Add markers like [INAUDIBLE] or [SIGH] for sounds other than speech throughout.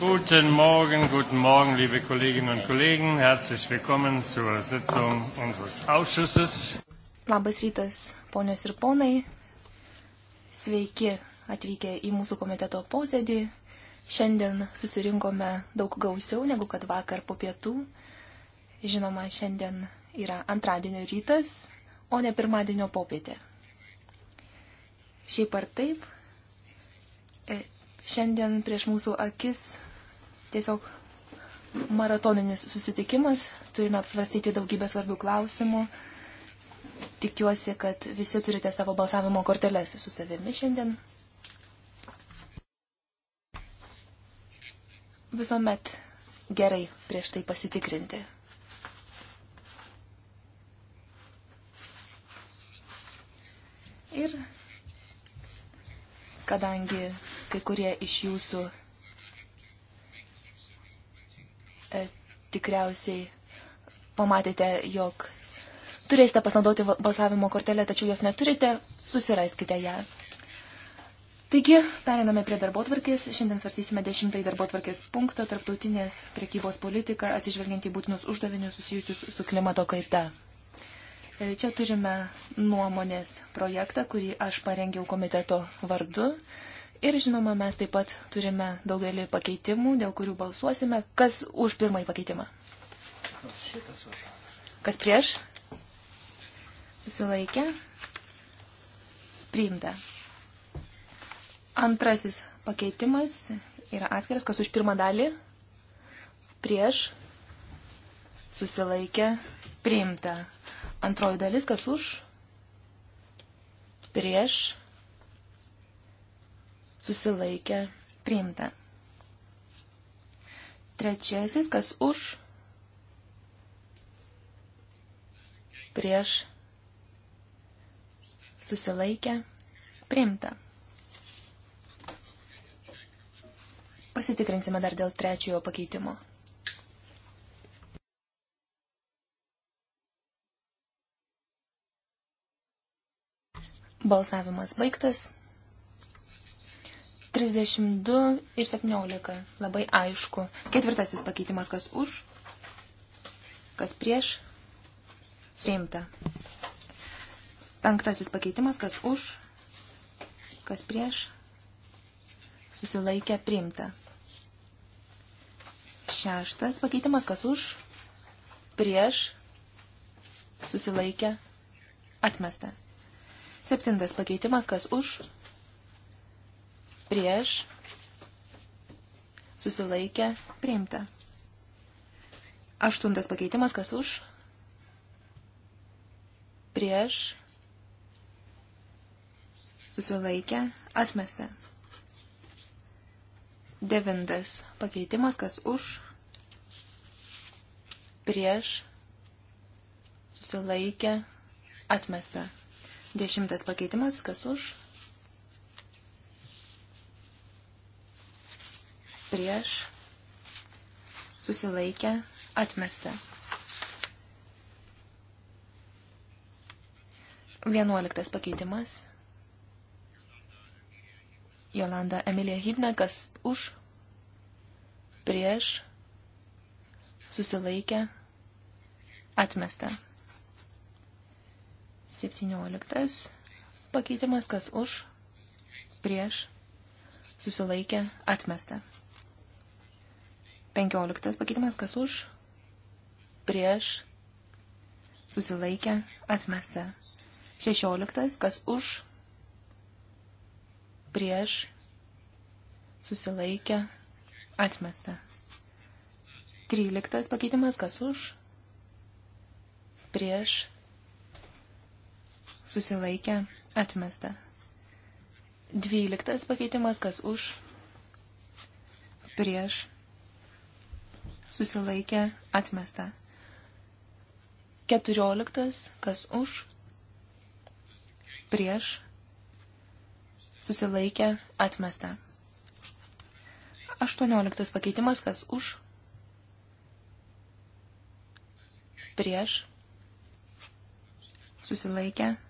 Guten Morgen, guten Morgen, liebe Kolleginnen und Kollegen. Herzlich willkommen zur Sitzung unseres Ausschusses. Labas rytas, ponios ir ponai. Sveiki atvykę į mūsų komiteto posėdį. Šiandien susirinkome daug gausiau negu kad vakar po pietų. Žinoma, šiandien yra antradienio rytas, o ne pirmadienio popietė. Šiaip ar taip, e, Šiandien prieš mūsų akis tiesiog maratoninis susitikimas, turime apsvarstyti daugybę svarbių klausimų. Tikiuosi, kad visi turite savo balsavimo korteles su savimi šiandien. Visuomet gerai prieš tai pasitikrinti. Ir kadangi kai kurie iš jūsų e, tikriausiai pamatėte, jog turėsite pasinaudoti balsavimo kortelę, tačiau jos neturite, susiraskite ją. Taigi, periname prie darbotvarkės. Šiandien svarstysime dešimtąjį darbotvarkės punktą - tarptautinės prekybos politika atsižvelgiant į būtinus uždavinius susijusius su klimato kaita. Čia turime nuomonės projektą, kurį aš parengiau komiteto vardu. Ir žinoma, mes taip pat turime daugelį pakeitimų, dėl kurių balsuosime. Kas už pirmąjį pakeitimą? Kas prieš? Susilaikė. Priimta. Antrasis pakeitimas yra atskiras, kas už pirmą dalį. Prieš. Susilaikė. Priimta. Antroji dalis, kas už, prieš, susilaikę, priimta. Trečiasis, kas už, prieš, susilaikę, priimta. Pasitikrinsime dar dėl trečiojo pakeitimo. Balsavimas baigtas. 32 ir 17. Labai aišku. Ketvirtasis pakeitimas, kas už, kas prieš, priimta. Penktasis pakeitimas, kas už, kas prieš, susilaikė, priimta. Šeštas pakeitimas, kas už, prieš, susilaikė, atmesta. Septintas pakeitimas, kas už, prieš, susilaikę, priimta. Aštuntas pakeitimas, kas už, prieš, susilaikę, atmesta. Devintas pakeitimas, kas už, prieš, susilaikę, atmesta. Dešimtas pakeitimas, kas už? Prieš. Susilaikę. Atmesta. Vienuoliktas pakeitimas. Jolanda Emilija Hibne, kas už? Prieš. Susilaikę. Atmesta. 17 pakeitimas, kas už, prieš, susilaikė, atmesta. 15 pakeitimas, kas už, prieš, susilaikė, atmesta. 16 kas už, prieš, susilaikė, atmesta. 13 pakeitimas, kas už, prieš, susilaikė, atmesta. Dvyliktas pakeitimas, kas už, prieš, susilaikė, atmesta. Keturioliktas, kas už, prieš, susilaikė, atmesta. Aštuonioliktas pakeitimas, kas už, prieš, susilaikė, atmesta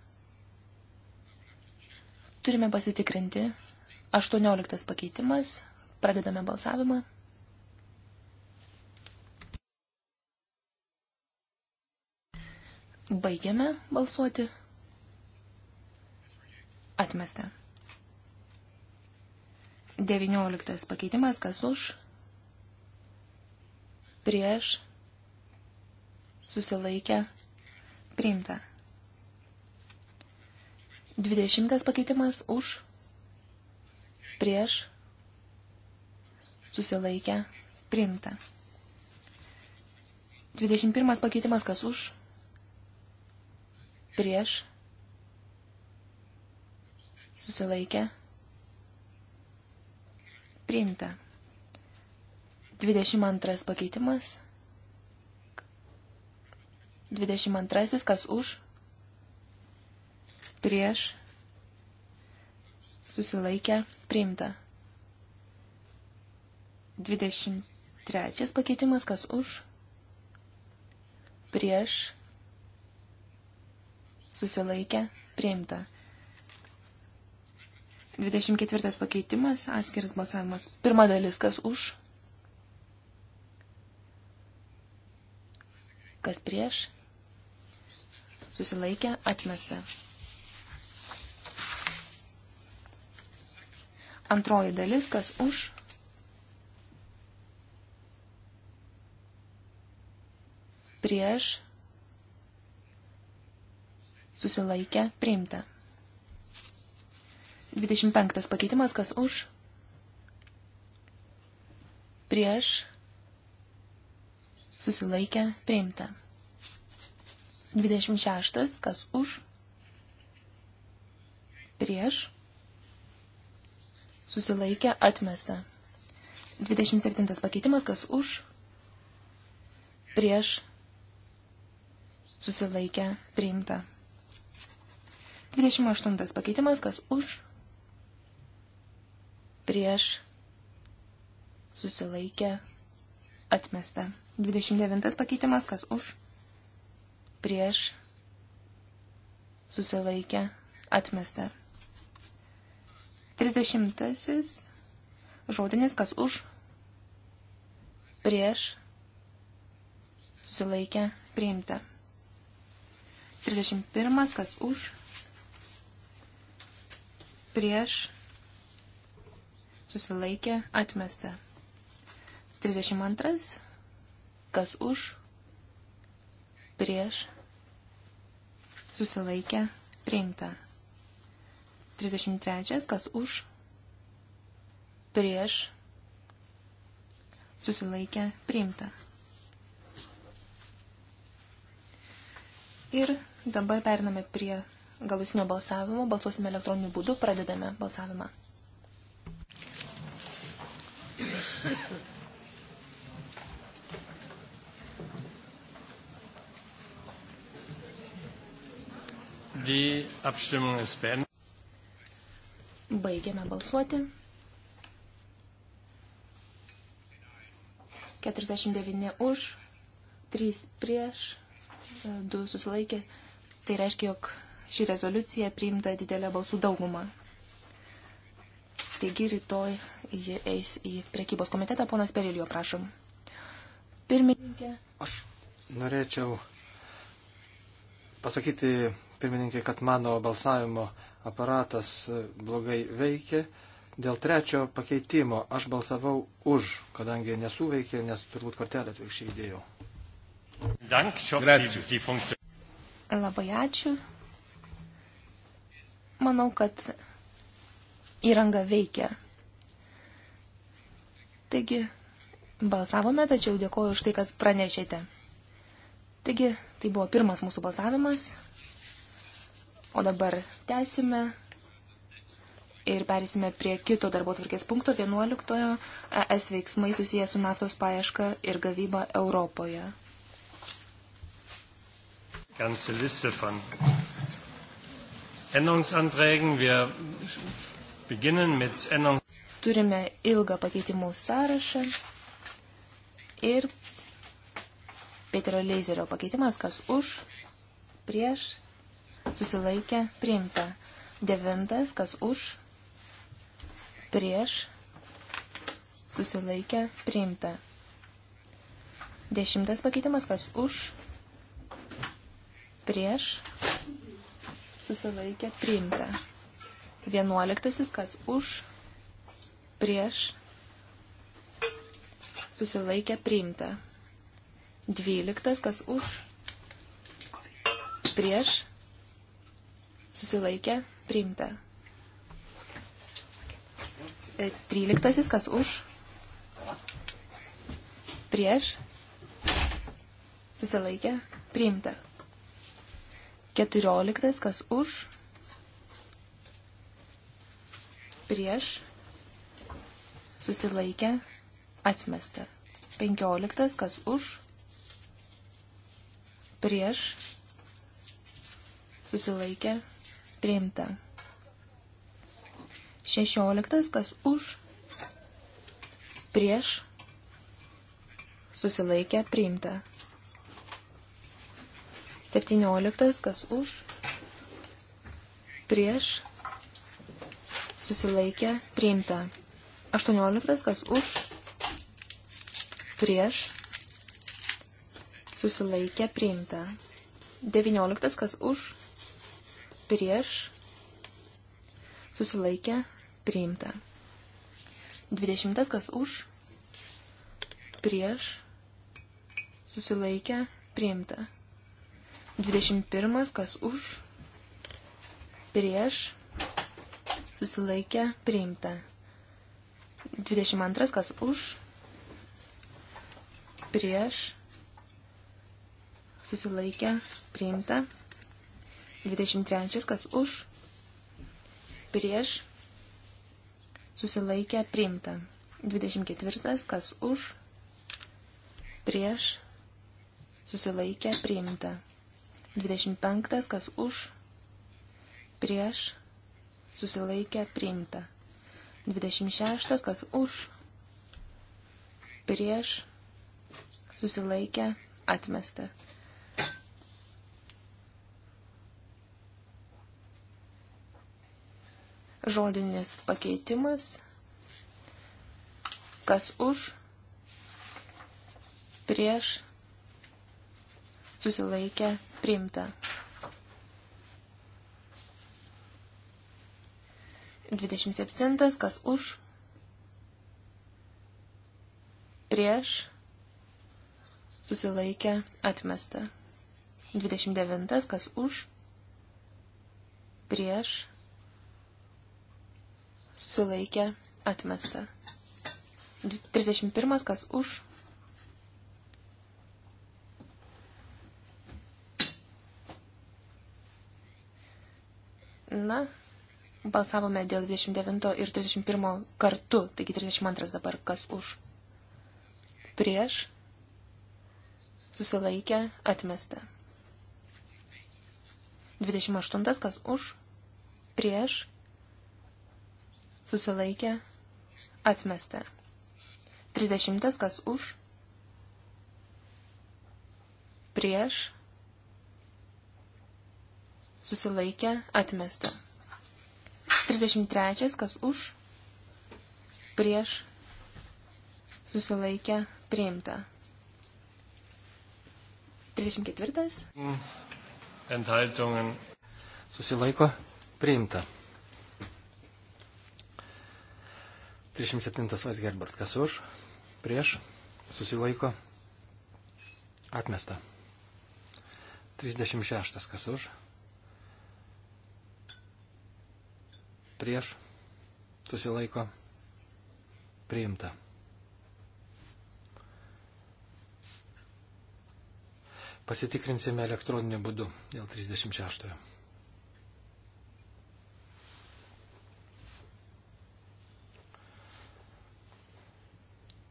Turime pasitikrinti. 18 pakeitimas. Pradedame balsavimą. Baigiame balsuoti. Atmesta. 19 pakeitimas, kas už, prieš, susilaikę, priimta. Dvidešimtas pakeitimas už, prieš, susilaikę, priimta. Dvidešimt pirmas pakeitimas kas už, prieš, susilaikę, priimta. Dvidešimt antras pakeitimas. Dvidešimt antrasis kas už, prieš prieš, susilaikę, priimta. 23 pakeitimas, kas už, prieš, susilaikę, priimta. 24 pakeitimas, atskiras balsavimas. Pirma dalis, kas už, kas prieš, susilaikę, atmesta. Antroji dalis, kas už. Prieš. Susilaikę. Priimta. 25 pakeitimas, kas už. Prieš. Susilaikę. Priimta. 26, kas už. Prieš susilaikė, atmesta. 27 pakeitimas, kas už, prieš, susilaikė, priimta. 28 pakeitimas, kas už, prieš, susilaikė, atmesta. 29 pakeitimas, kas už, prieš, susilaikė, atmesta. Trisdešimtasis žodinis, kas už, prieš, susilaikę, priimta. Trisdešimt pirmas, kas už, prieš, susilaikė, atmesta. Trisdešimt antras, kas už, prieš, susilaikė, priimta. 33, kas už, prieš, susilaikę, priimta. Ir dabar periname prie galutinio balsavimo, balsuosime elektroniniu būdu, pradedame balsavimą. Die Abstimmung ist beendet. Baigiame balsuoti. 49 už, 3 prieš, 2 susilaikė. Tai reiškia, jog ši rezoliucija priimta didelę balsų daugumą. Taigi rytoj ji eis į prekybos komitetą. Ponas Perilijo, prašom. Pirmininkė. Aš norėčiau pasakyti pirmininkė, kad mano balsavimo aparatas blogai veikė. Dėl trečio pakeitimo aš balsavau už, kadangi nesuveikė, nes turbūt kortelę atvirkščiai įdėjau. Labai ačiū. Manau, kad įranga veikia. Taigi, balsavome, tačiau dėkoju už tai, kad pranešėte. Taigi, tai buvo pirmas mūsų balsavimas. O dabar tęsime ir perėsime prie kito darbo tvarkės punkto 11. ES veiksmai susijęs su naftos paieška ir gavyba Europoje. Ganze Liste von Änderungsanträgen. Wir beginnen mit Änderung. Turime ilgą pakeitimų sąrašą ir Peterio Leizerio pakeitimas, kas už, prieš, susilaikė, priimta. Devintas, kas už, prieš, susilaikė, priimta. Dešimtas pakeitimas, kas už, prieš, susilaikė, priimta. Vienuoliktasis, kas už, prieš, susilaikė, priimta. Dvyliktas, kas už, prieš, susilaikė, priimta. E, tryliktasis, kas už, prieš, susilaikė, priimta. Keturioliktas, kas už, prieš, susilaikė, atmesta. Penkioliktas, kas už, prieš, susilaikė, atmesta priimta. 16. Kas už, prieš, susilaikę, priimta. 17. Kas už, prieš, susilaikę, priimta. 18. Kas už, prieš, susilaikę, priimta. 19. Kas už, prieš, susilaikė, priimta. 20 kas už, prieš, susilaikė, priimta. 21 kas už, prieš, susilaikė, priimta. 22 kas už, prieš, susilaikė, priimta. 23. Kas už? Prieš? Susilaikę priimta. 24. Kas už? Prieš? Susilaikę priimta. 25. Kas už? Prieš? Susilaikę priimta. 26. Kas už? Prieš? Susilaikę atmesta. Žodinis pakeitimas. Kas už? Prieš? Susilaikę? Primta. 27. Kas už? Prieš? Susilaikę? Atmesta. 29. Kas už? Prieš? sulaikė atmesta. 31. Kas už? Na, balsavome dėl 29 ir 31 kartu, taigi 32 dabar kas už. Prieš susilaikė atmesta. 28 kas už. Prieš susilaikė, atmesta. 30 kas už, prieš, susilaikė, atmesta. 33 kas už, prieš, susilaikė, priimta. 34. Mm. Enthaltungen. Susilaiko priimta. 37 Vaisgerbert, kas už, prieš, susilaiko, atmesta. 36 kas už, prieš, susilaiko, priimta. Pasitikrinsime elektroniniu būdu dėl 36. -ojo.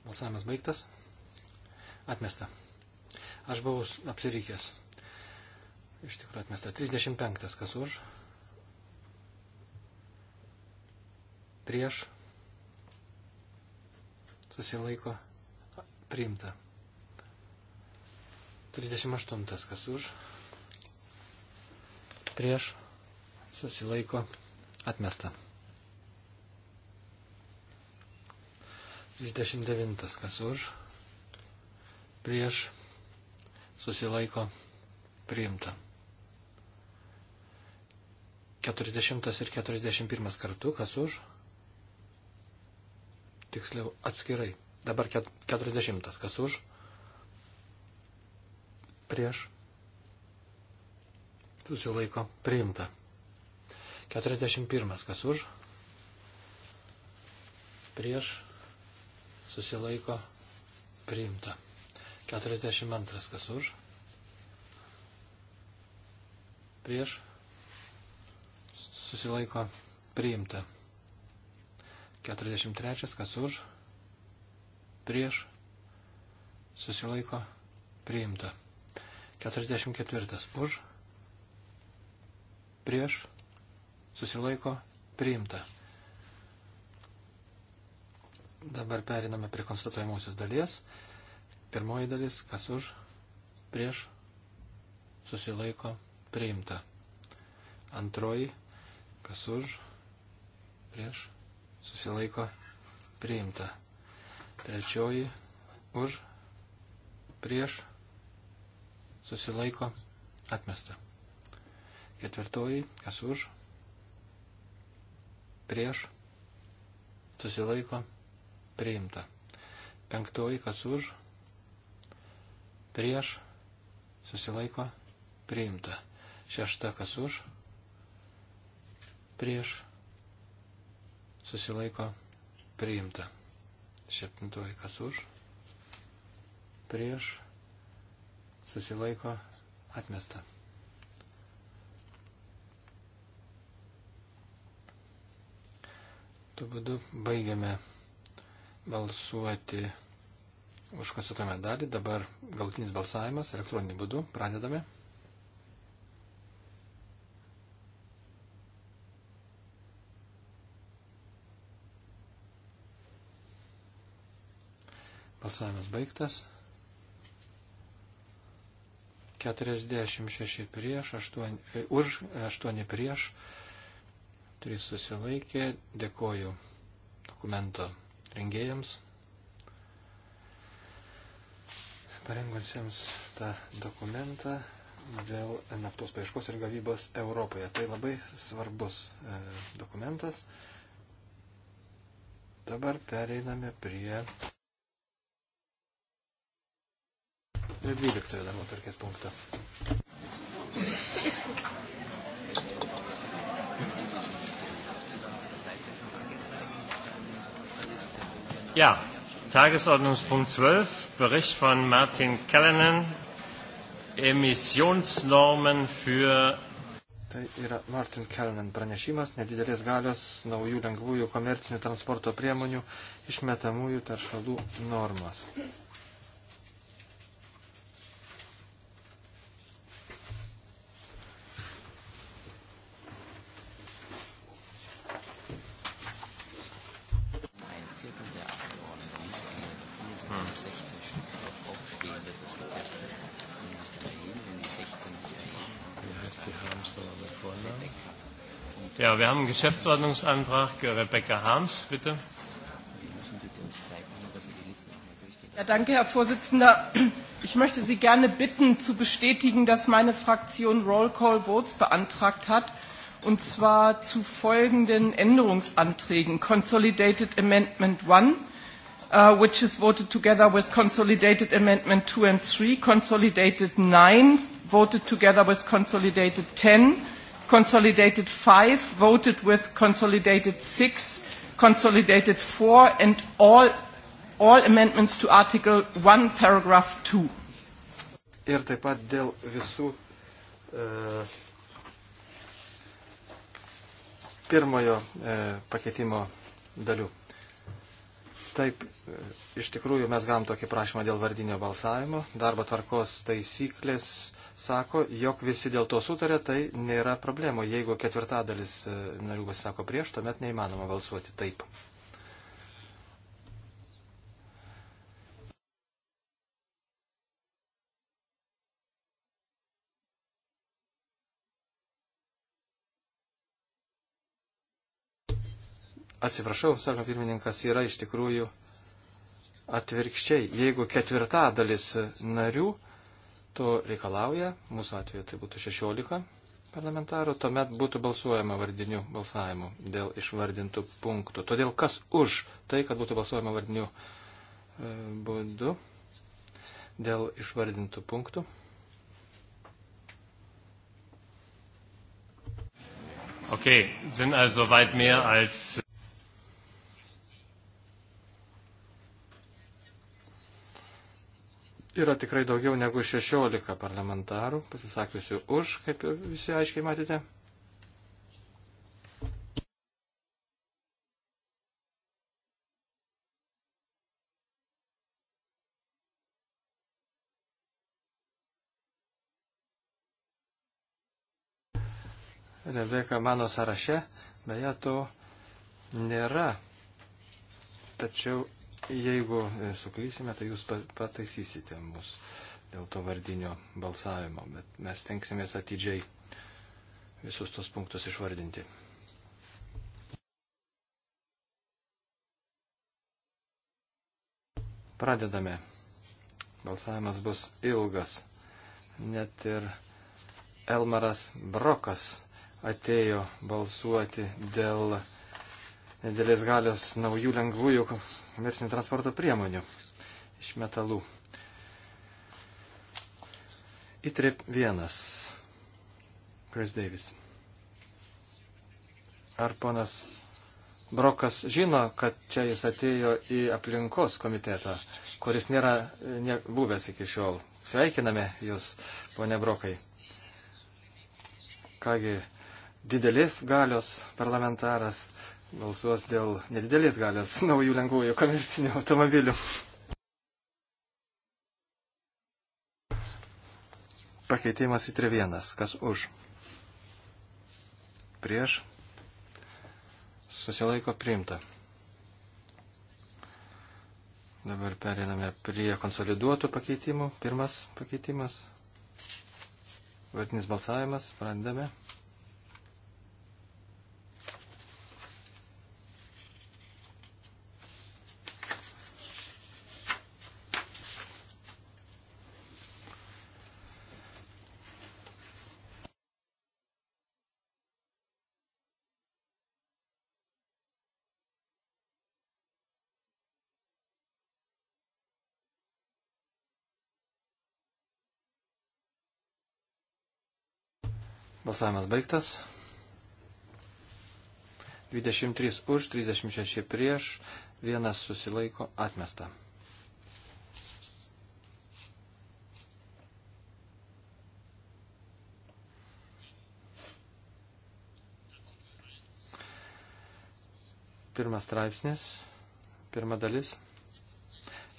Balsavimas baigtas. Atmesta. Aš buvau apsirykęs. Iš tikrųjų atmesta. 35. Kas už? Prieš. Susilaiko. Priimta. 38. Kas už? Prieš. Susilaiko. Atmesta. 39. Kas už? Prieš. Susilaiko. Priimta. 40 ir 41 kartu. Kas už? Tiksliau atskirai. Dabar 40. Kas už? Prieš. Susilaiko. Priimta. 41. Kas už? Prieš susilaiko priimta. 42 kas už, prieš, susilaiko priimta. 43 kas už, prieš, susilaiko priimta. 44 už, prieš, susilaiko priimta. Dabar periname prie konstatuojamosios dalies. Pirmoji dalis, kas už, prieš, susilaiko, priimta. Antroji, kas už, prieš, susilaiko, priimta. Trečioji, už, prieš, susilaiko, atmesta. Ketvirtoji, kas už, prieš, susilaiko, atmesta priimta. Penktoji, kas už, prieš, susilaiko, priimta. Šešta, kas už, prieš, susilaiko, priimta. Septintoji, kas už, prieš, susilaiko, atmesta. Tuo būdu baigiame balsuoti už konstatuojamą dalį. Dabar galutinis balsavimas elektroniniu būdu. Pradedame. Balsavimas baigtas. 46 prieš, 8, e, už, 8 prieš, 3 susilaikė. Dėkoju dokumento rengėjams, parengusiems tą dokumentą dėl naftos paieškos ir gavybos Europoje. Tai labai svarbus e, dokumentas. Dabar pereiname prie 12 darbo tarkės punkto. Ja, Tagesordnungspunkt 12, Bericht von Martin Kellenen, Emissionsnormen für. Tai yra Martin Kellenen pranešimas, nedidelės galios naujų lengvųjų komercinių transporto priemonių išmetamųjų taršalų normas. wir haben einen Geschäftsordnungsantrag. Rebecca Harms, bitte. Ja, danke, Herr Vorsitzender. Ich möchte Sie gerne bitten, zu bestätigen, dass meine Fraktion Roll Call Votes beantragt hat, und zwar zu folgenden Änderungsanträgen. Consolidated Amendment 1, uh, which is voted together with Consolidated Amendment 2 and 3. Consolidated 9, voted together with Consolidated 10 consolidated 5 voted with consolidated 6, consolidated 4, and all, all amendments to Article 1, paragraph 2. Ir taip pat dėl visų e, pirmojo e, pakeitimo dalių. Taip, e, iš tikrųjų mes gavom tokį prašymą dėl vardinio balsavimo. Darbo tvarkos taisyklės sako, jog visi dėl to sutarė, tai nėra problemų. Jeigu ketvirtadalis e, narių pasisako prieš, tuomet neįmanoma balsuoti taip. Atsiprašau, sako pirmininkas, yra iš tikrųjų atvirkščiai. Jeigu ketvirtadalis narių to reikalauja, mūsų atveju tai būtų 16 parlamentarų, tuomet būtų balsuojama vardiniu balsavimu dėl išvardintų punktų. Todėl kas už tai, kad būtų balsuojama vardiniu e, būdu dėl išvardintų punktų? Okay, sind also weit mehr als Yra tikrai daugiau negu 16 parlamentarų, pasisakiusių už, kaip visi aiškiai matėte. Rebeka mano sąraše, beje, to nėra. Tačiau Jeigu e, suklysime, tai jūs pataisysite mus dėl to vardinio balsavimo, bet mes tenksimės atidžiai visus tos punktus išvardinti. Pradedame. Balsavimas bus ilgas. Net ir Elmaras Brokas atėjo balsuoti dėl didelės galios naujų lengvųjų komercinių transporto priemonių iš metalų. ITRIP 1. Chris Davis. Ar ponas Brokas žino, kad čia jis atėjo į aplinkos komitetą, kuris nėra ne, buvęs iki šiol? Sveikiname jūs, ponė Brokai. Kągi, didelis galios parlamentaras balsuos dėl nedidelės galės [LAUGHS] naujų lengvųjų komercinių automobilių. Pakeitimas į 3.1. Kas už? Prieš. Susilaiko priimta. Dabar periname prie konsoliduotų pakeitimų. Pirmas pakeitimas. Vartinis balsavimas. Pradedame. Balsavimas baigtas. 23 už, 36 prieš, vienas susilaiko atmesta. Pirmas straipsnis, pirma dalis,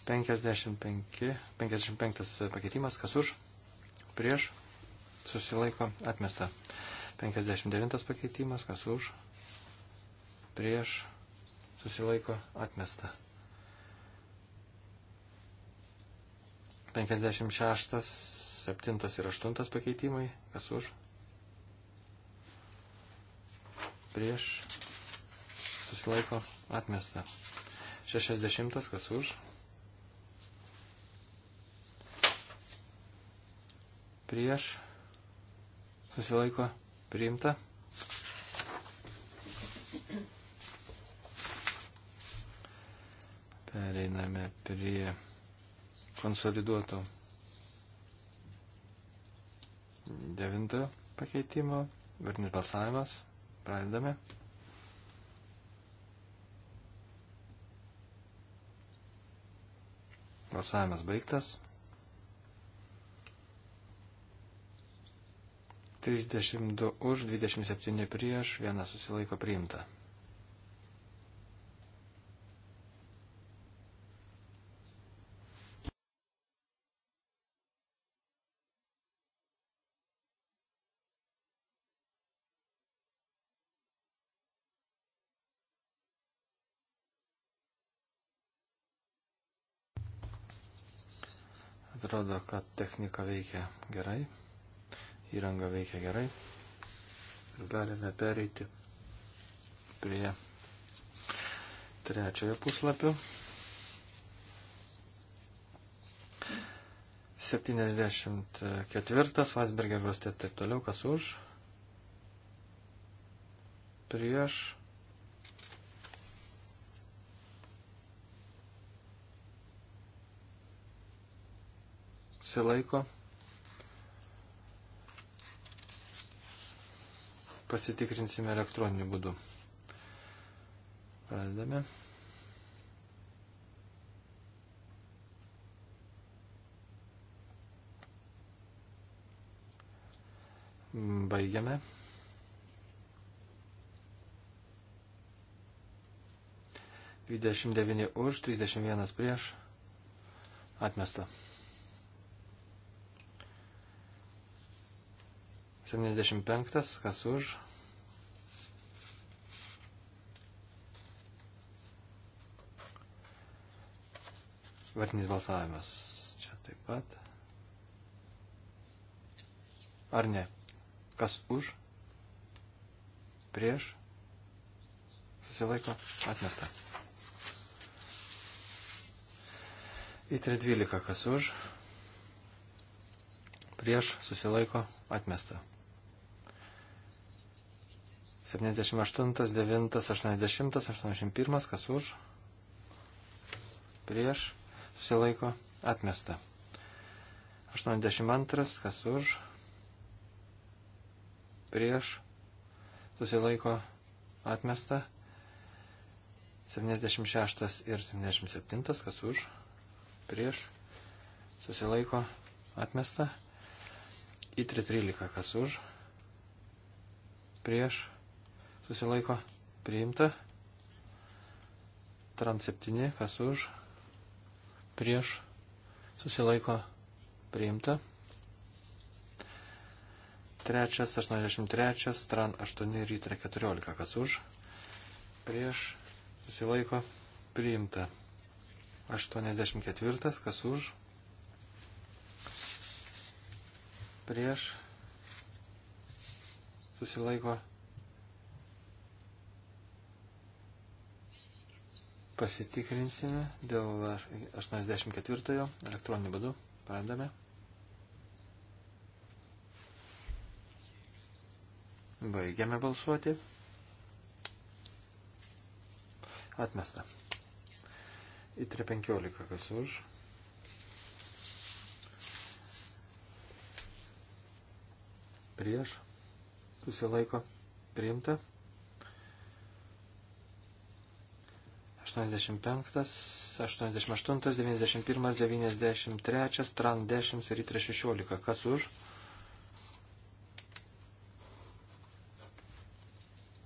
55, 55 pakeitimas, kas už, prieš, susilaiko atmesta. 59 pakeitimas, kas už, prieš, susilaiko atmesta. 56, 7 ir 8 pakeitimai, kas už, prieš, susilaiko atmesta. 60, kas už, prieš, susilaiko priimta. Pereiname prie konsoliduoto devintojo pakeitimo. Vardinis balsavimas. Pradedame. Balsavimas baigtas. 32 už, 27 prieš, vienas susilaiko priimta. Atrodo, kad technika veikia gerai įranga veikia gerai. Galime pereiti prie trečiojo puslapio. 74, Vasberger rostė taip toliau, kas už, prieš, silaiko, laiko. pasitikrinsime elektroniniu būdu. Pradedame. Baigiame. Dvidešimt devyni už, trisdešimt vienas prieš. Atmesta. 75, kas už. Vartinis balsavimas čia taip pat. Ar ne? Kas už? Prieš? Susilaiko? Atmesta. Į 312 kas už? Prieš susilaiko atmesta. 78, 9, 80, 81, kas už, prieš, susilaiko, atmesta. 82, kas už, prieš, susilaiko, atmesta. 76 ir 77, kas už, prieš, susilaiko, atmesta. Į 313, kas už, prieš, susilaiko priimta. Trans 7, kas už, prieš, susilaiko priimta. Trečias, 83, tran 8 ir 14, kas už, prieš, susilaiko priimta. 84, kas už, prieš, susilaiko priimta Pasitikrinsime dėl 84 elektroniniu būdu. Pradame. Baigiame balsuoti. Atmesta. Į 315 kas už. Prieš. Susilaiko. Priimta. 85, 88, 91, 93, tran 10 ir 316. Kas už?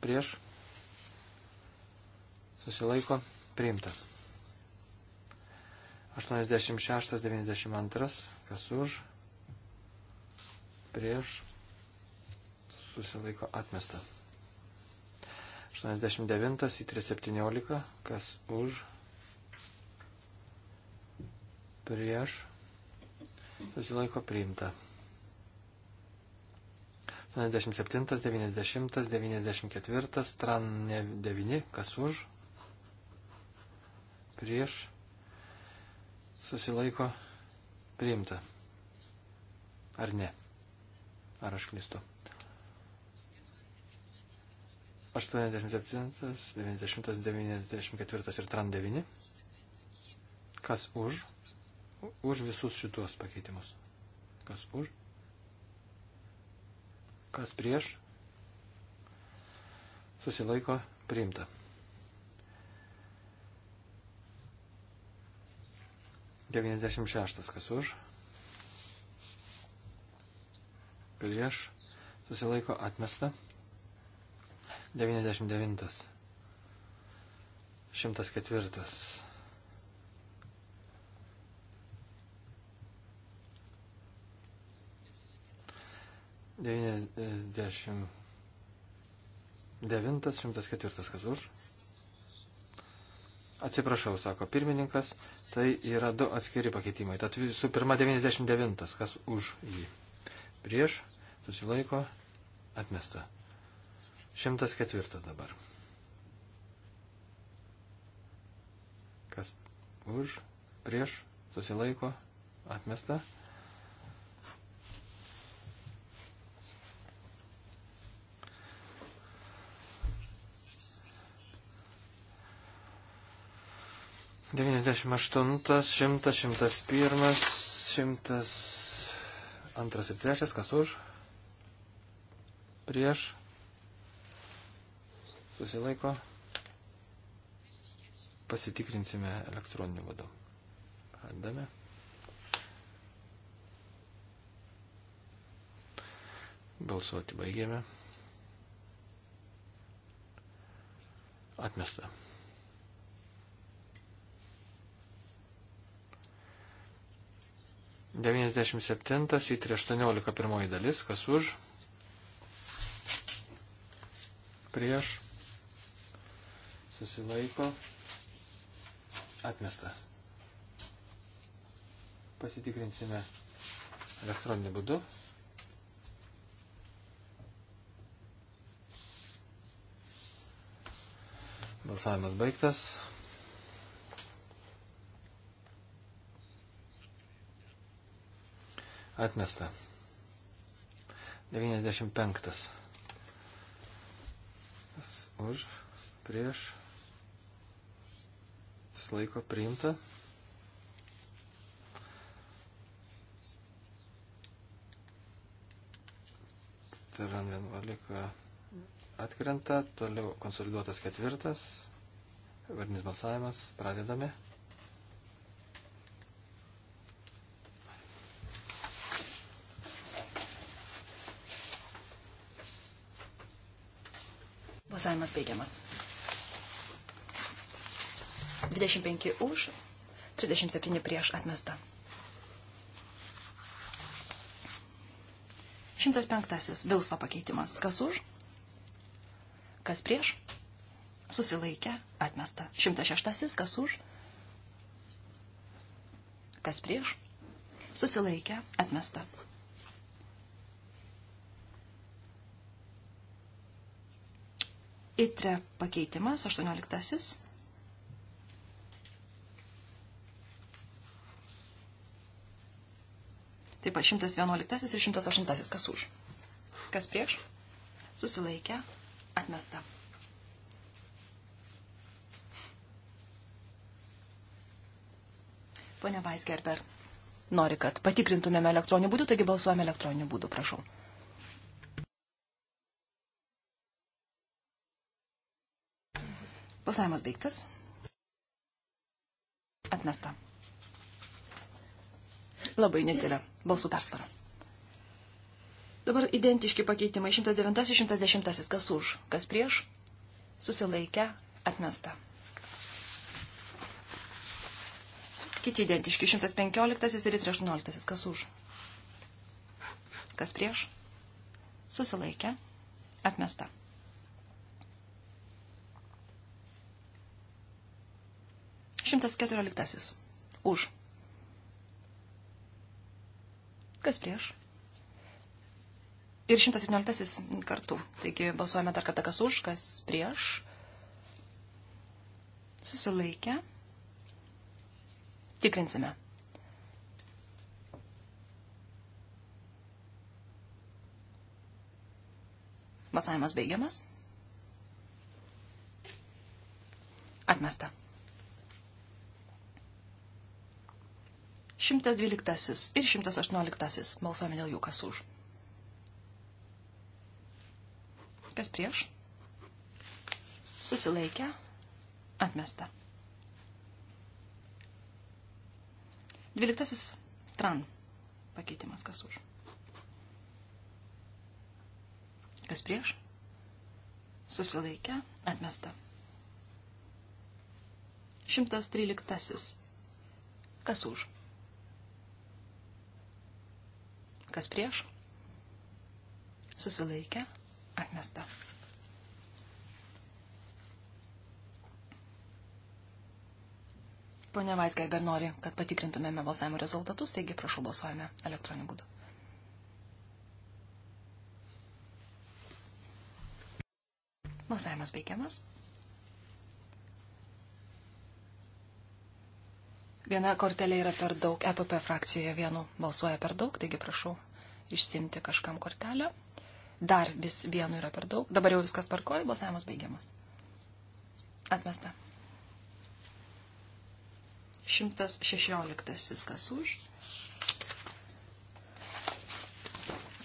Prieš? Susilaiko? Priimta. 86, 92. Kas už? Prieš? Susilaiko? Atmesta. 89 į 317, kas už, prieš, susilaiko priimta. 97, 90, 94, tran 9, kas už, prieš, susilaiko priimta. Ar ne? Ar aš klystu? 87, 90, 94 ir tran 9. Kas už? Už visus šitos pakeitimus. Kas už? Kas prieš? Susilaiko priimta. Devyniasdešimt šeštas. Kas už? Prieš? Susilaiko atmesta. 99. 104. Devyniasdešimt devintas, šimtas ketvirtas, kas už? Atsiprašau, sako pirmininkas, tai yra du atskiri pakeitimai. Tad visų pirma 99, kas už jį. Prieš, susilaiko, atmesta. 104 dabar. Kas už, prieš, susilaiko, atmesta. Devyniasdešimt aštuntas, šimtas, šimtas pirmas, šimtas antras ir trečias, kas už, prieš, susilaiko. Pasitikrinsime elektroniniu vadu. Randame. Balsuoti baigėme. Atmesta. Devyniasdešimt septintas į trieštoniolika pirmoji dalis, kas už, prieš, susilaiko, atmesta. Pasitikrinsime elektroninį būdu. Balsavimas baigtas. Atmesta. 95. Už, prieš, susilaiko priimta. Taran 11 atkrenta, toliau konsoliduotas ketvirtas, vardinis balsavimas, pradedame. Balsavimas baigiamas. 25 už, 37 prieš atmesta. 105. Vilso pakeitimas. Kas už? Kas prieš? Susilaikę, atmesta. 106. Kas už? Kas prieš? Susilaikę, atmesta. Itre pakeitimas, 18. Taip pat 111 ir 108 kas už. Kas prieš? Susilaikę. Atmesta. Pone Vaisgerber, nori, kad patikrintumėme elektroniniu būdu, taigi balsuojame elektroniniu būdu, prašau. Balsavimas baigtas. Atmesta labai nedidelė balsų persvara. Dabar identiški pakeitimai 109-110. Kas už, kas prieš, susilaikę, atmesta. Kiti identiški 115 ir 318. Kas už, kas prieš, susilaikę, atmesta. Šimtas keturioliktasis. Už. Kas prieš? Ir 117 kartų. Taigi balsuojame dar kartą, kas už, kas prieš. Susilaikę. Tikrinsime. Balsavimas baigiamas. Atmesta. 112 ir 118. Balsuojame dėl jų, kas už. Kas prieš? Susilaikę. Atmesta. 12. Tran. Pakeitimas kas už. Kas prieš? Susilaikę. Atmesta. 113. Kas už? Kas prieš? Susilaikę. Atmesta. Pone Vaisgerber nori, kad patikrintumėme balsavimo rezultatus, taigi prašau balsuojame elektroniniu būdu. Balsavimas baigiamas. Viena kortelė yra per daug, EPP frakcijoje vienu balsuoja per daug, taigi prašau išsimti kažkam kortelę. Dar vis vienu yra per daug. Dabar jau viskas parkoja, balsavimas baigiamas. Atmesta. 116 viskas už.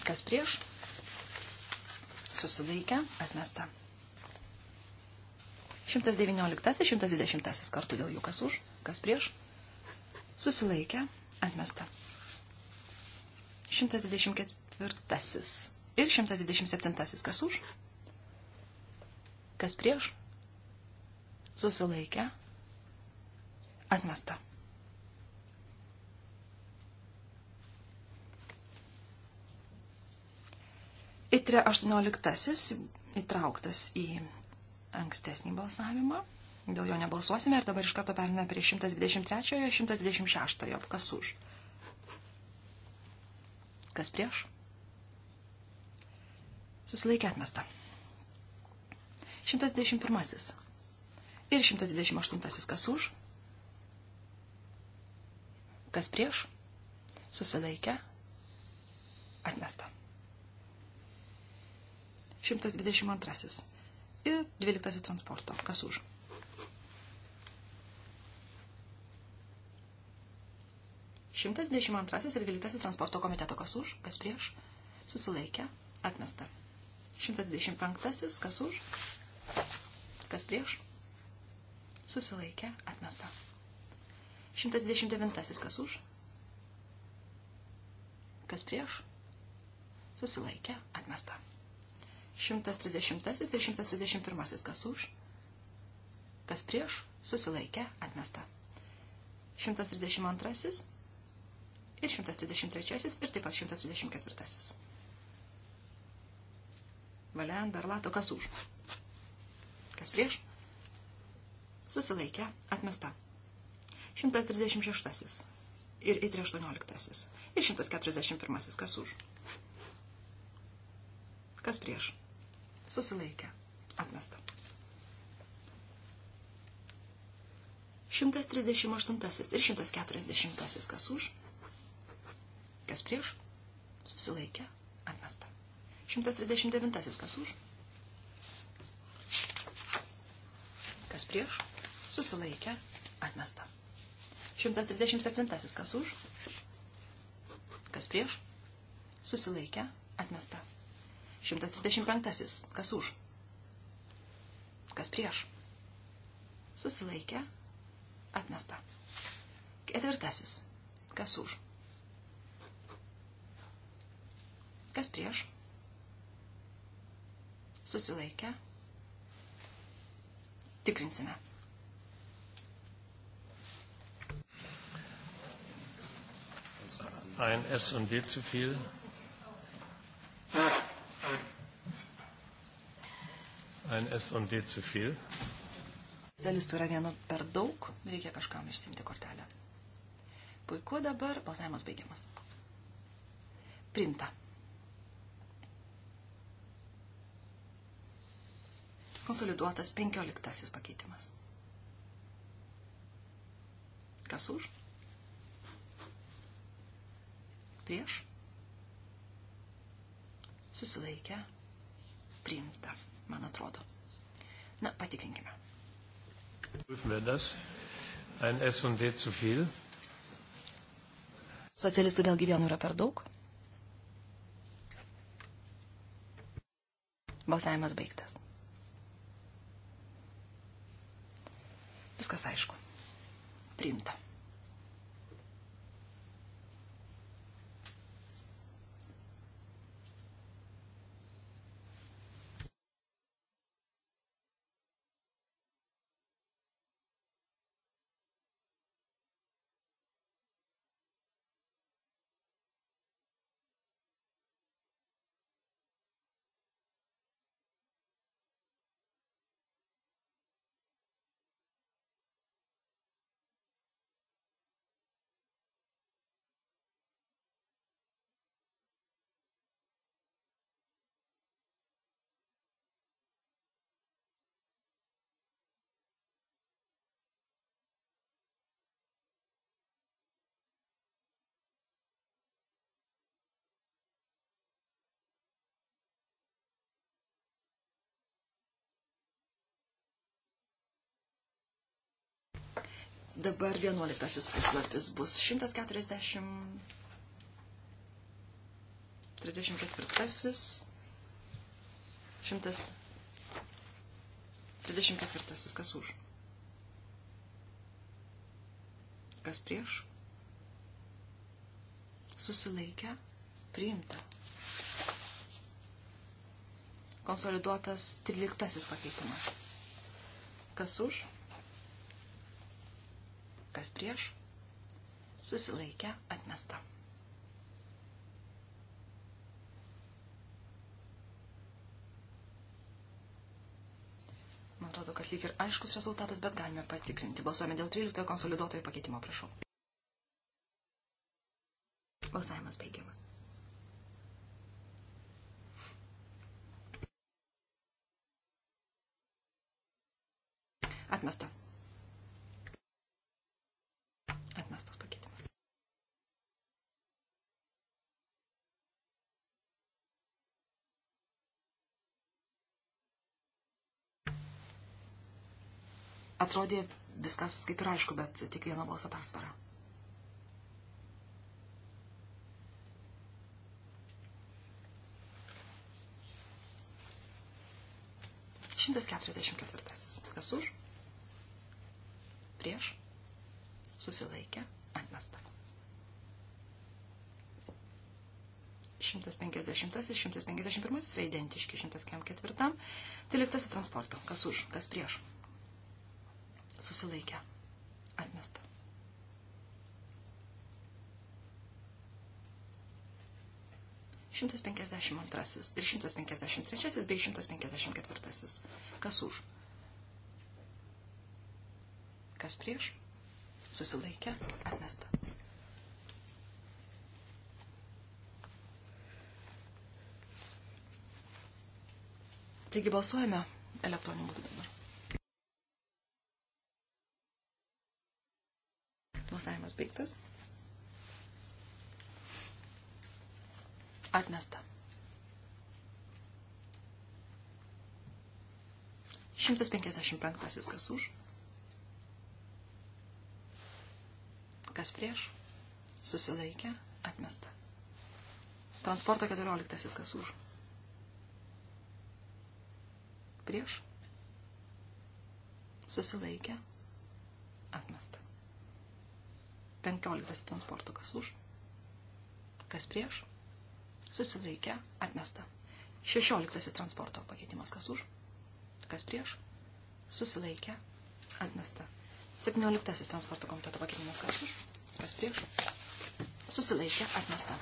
Kas prieš? Susilaikę, atmesta. 119, 120 kartu dėl jų kas už, kas prieš. Susilaikę, atmesta. 124 ir 127. Kas už? Kas prieš? Susilaikę. Atmesta. Itre 18 įtrauktas į ankstesnį balsavimą. Dėl jo nebalsuosime ir dabar iš karto perėmėme prie 123-126. Kas už? Kas prieš? Susilaikė atmesta. 121. Ir 128. Kas už? Kas prieš? Susilaikė atmesta. 122. Ir 12 transporto. Kas už? 122 ir 12 transporto komiteto kas už, kas prieš, susilaikė, atmesta. 125 kas už, kas prieš, susilaikė, atmesta. 129 kas už, kas prieš, susilaikė, atmesta. 130 ir 131 kas už, kas prieš, susilaikė, atmesta. 132 ir 123 ir taip pat 124. Valian Berlato, kas už? Kas prieš? Susilaikę, atmesta. 136 ir į 18 ir 141, kas už? Kas prieš? Susilaikę, atmesta. 138 ir 140, kas už? kas prieš, susilaikė, atmesta. 139 kas už, kas prieš, susilaikė, atmesta. 137 kas už, kas prieš, susilaikė, atmesta. 135 kas už, kas prieš, susilaikė, atmesta. Ketvirtasis. Kas už? Kas prieš? Susilaikę. Tikrinsime. Ein S und D zu viel. Ein S und D zu viel. Specialistų yra vieno per daug, reikia kažkam išsimti kortelę. Puiku, dabar balsavimas baigiamas. Primta. konsoliduotas 15 pakeitimas. Kas už? Prieš? Susilaikę? Priimta, man atrodo. Na, patikrinkime. Prüfen wir das. Ein S und D zu viel. Socialistų vėlgi vienu yra per daug. Balsavimas baigtas. Viskas aišku. Priimta. Dabar 11 puslapis bus 140. 34. 134. Kas už? Kas prieš? Susilaikę. Priimta. Konsoliduotas 13 pakeitimas. Kas už? kas prieš, susilaikę atmesta. Man atrodo, kad lyg ir aiškus rezultatas, bet galime patikrinti. Balsuojame dėl 13 konsoliduotojo pakeitimo, prašau. Balsavimas baigiamas. Atmesta. Atrodė viskas kaip ir aišku, bet tik vieno balso persvara. Šimtas keturiasdešimt ketvirtasis. Kas už? Prieš? Susilaikė? Atmesta. 150, 151 yra identiški 104. 13 transporto. Kas už, kas prieš susilaikę, atmesta. Šimtas penkiasdešimt antrasis ir šimtas penkiasdešimt trečiasis bei šimtas penkiasdešimt ketvirtasis. Kas už? Kas prieš? Susilaikę, atmesta. Taigi balsuojame elektroniniu būdu dabar. Balsavimas baigtas. Atmesta. 155 kas už. Kas prieš? Susilaikė. Atmesta. Transporto 14 kas už. Prieš? Susilaikė. Atmesta. 15 transporto kas už, kas prieš, susilaikė, atmesta. 16 transporto pakeitimas kas už, kas prieš, susilaikė, atmesta. 17 transporto komiteto pakeitimas kas už, kas prieš, susilaikė, atmesta.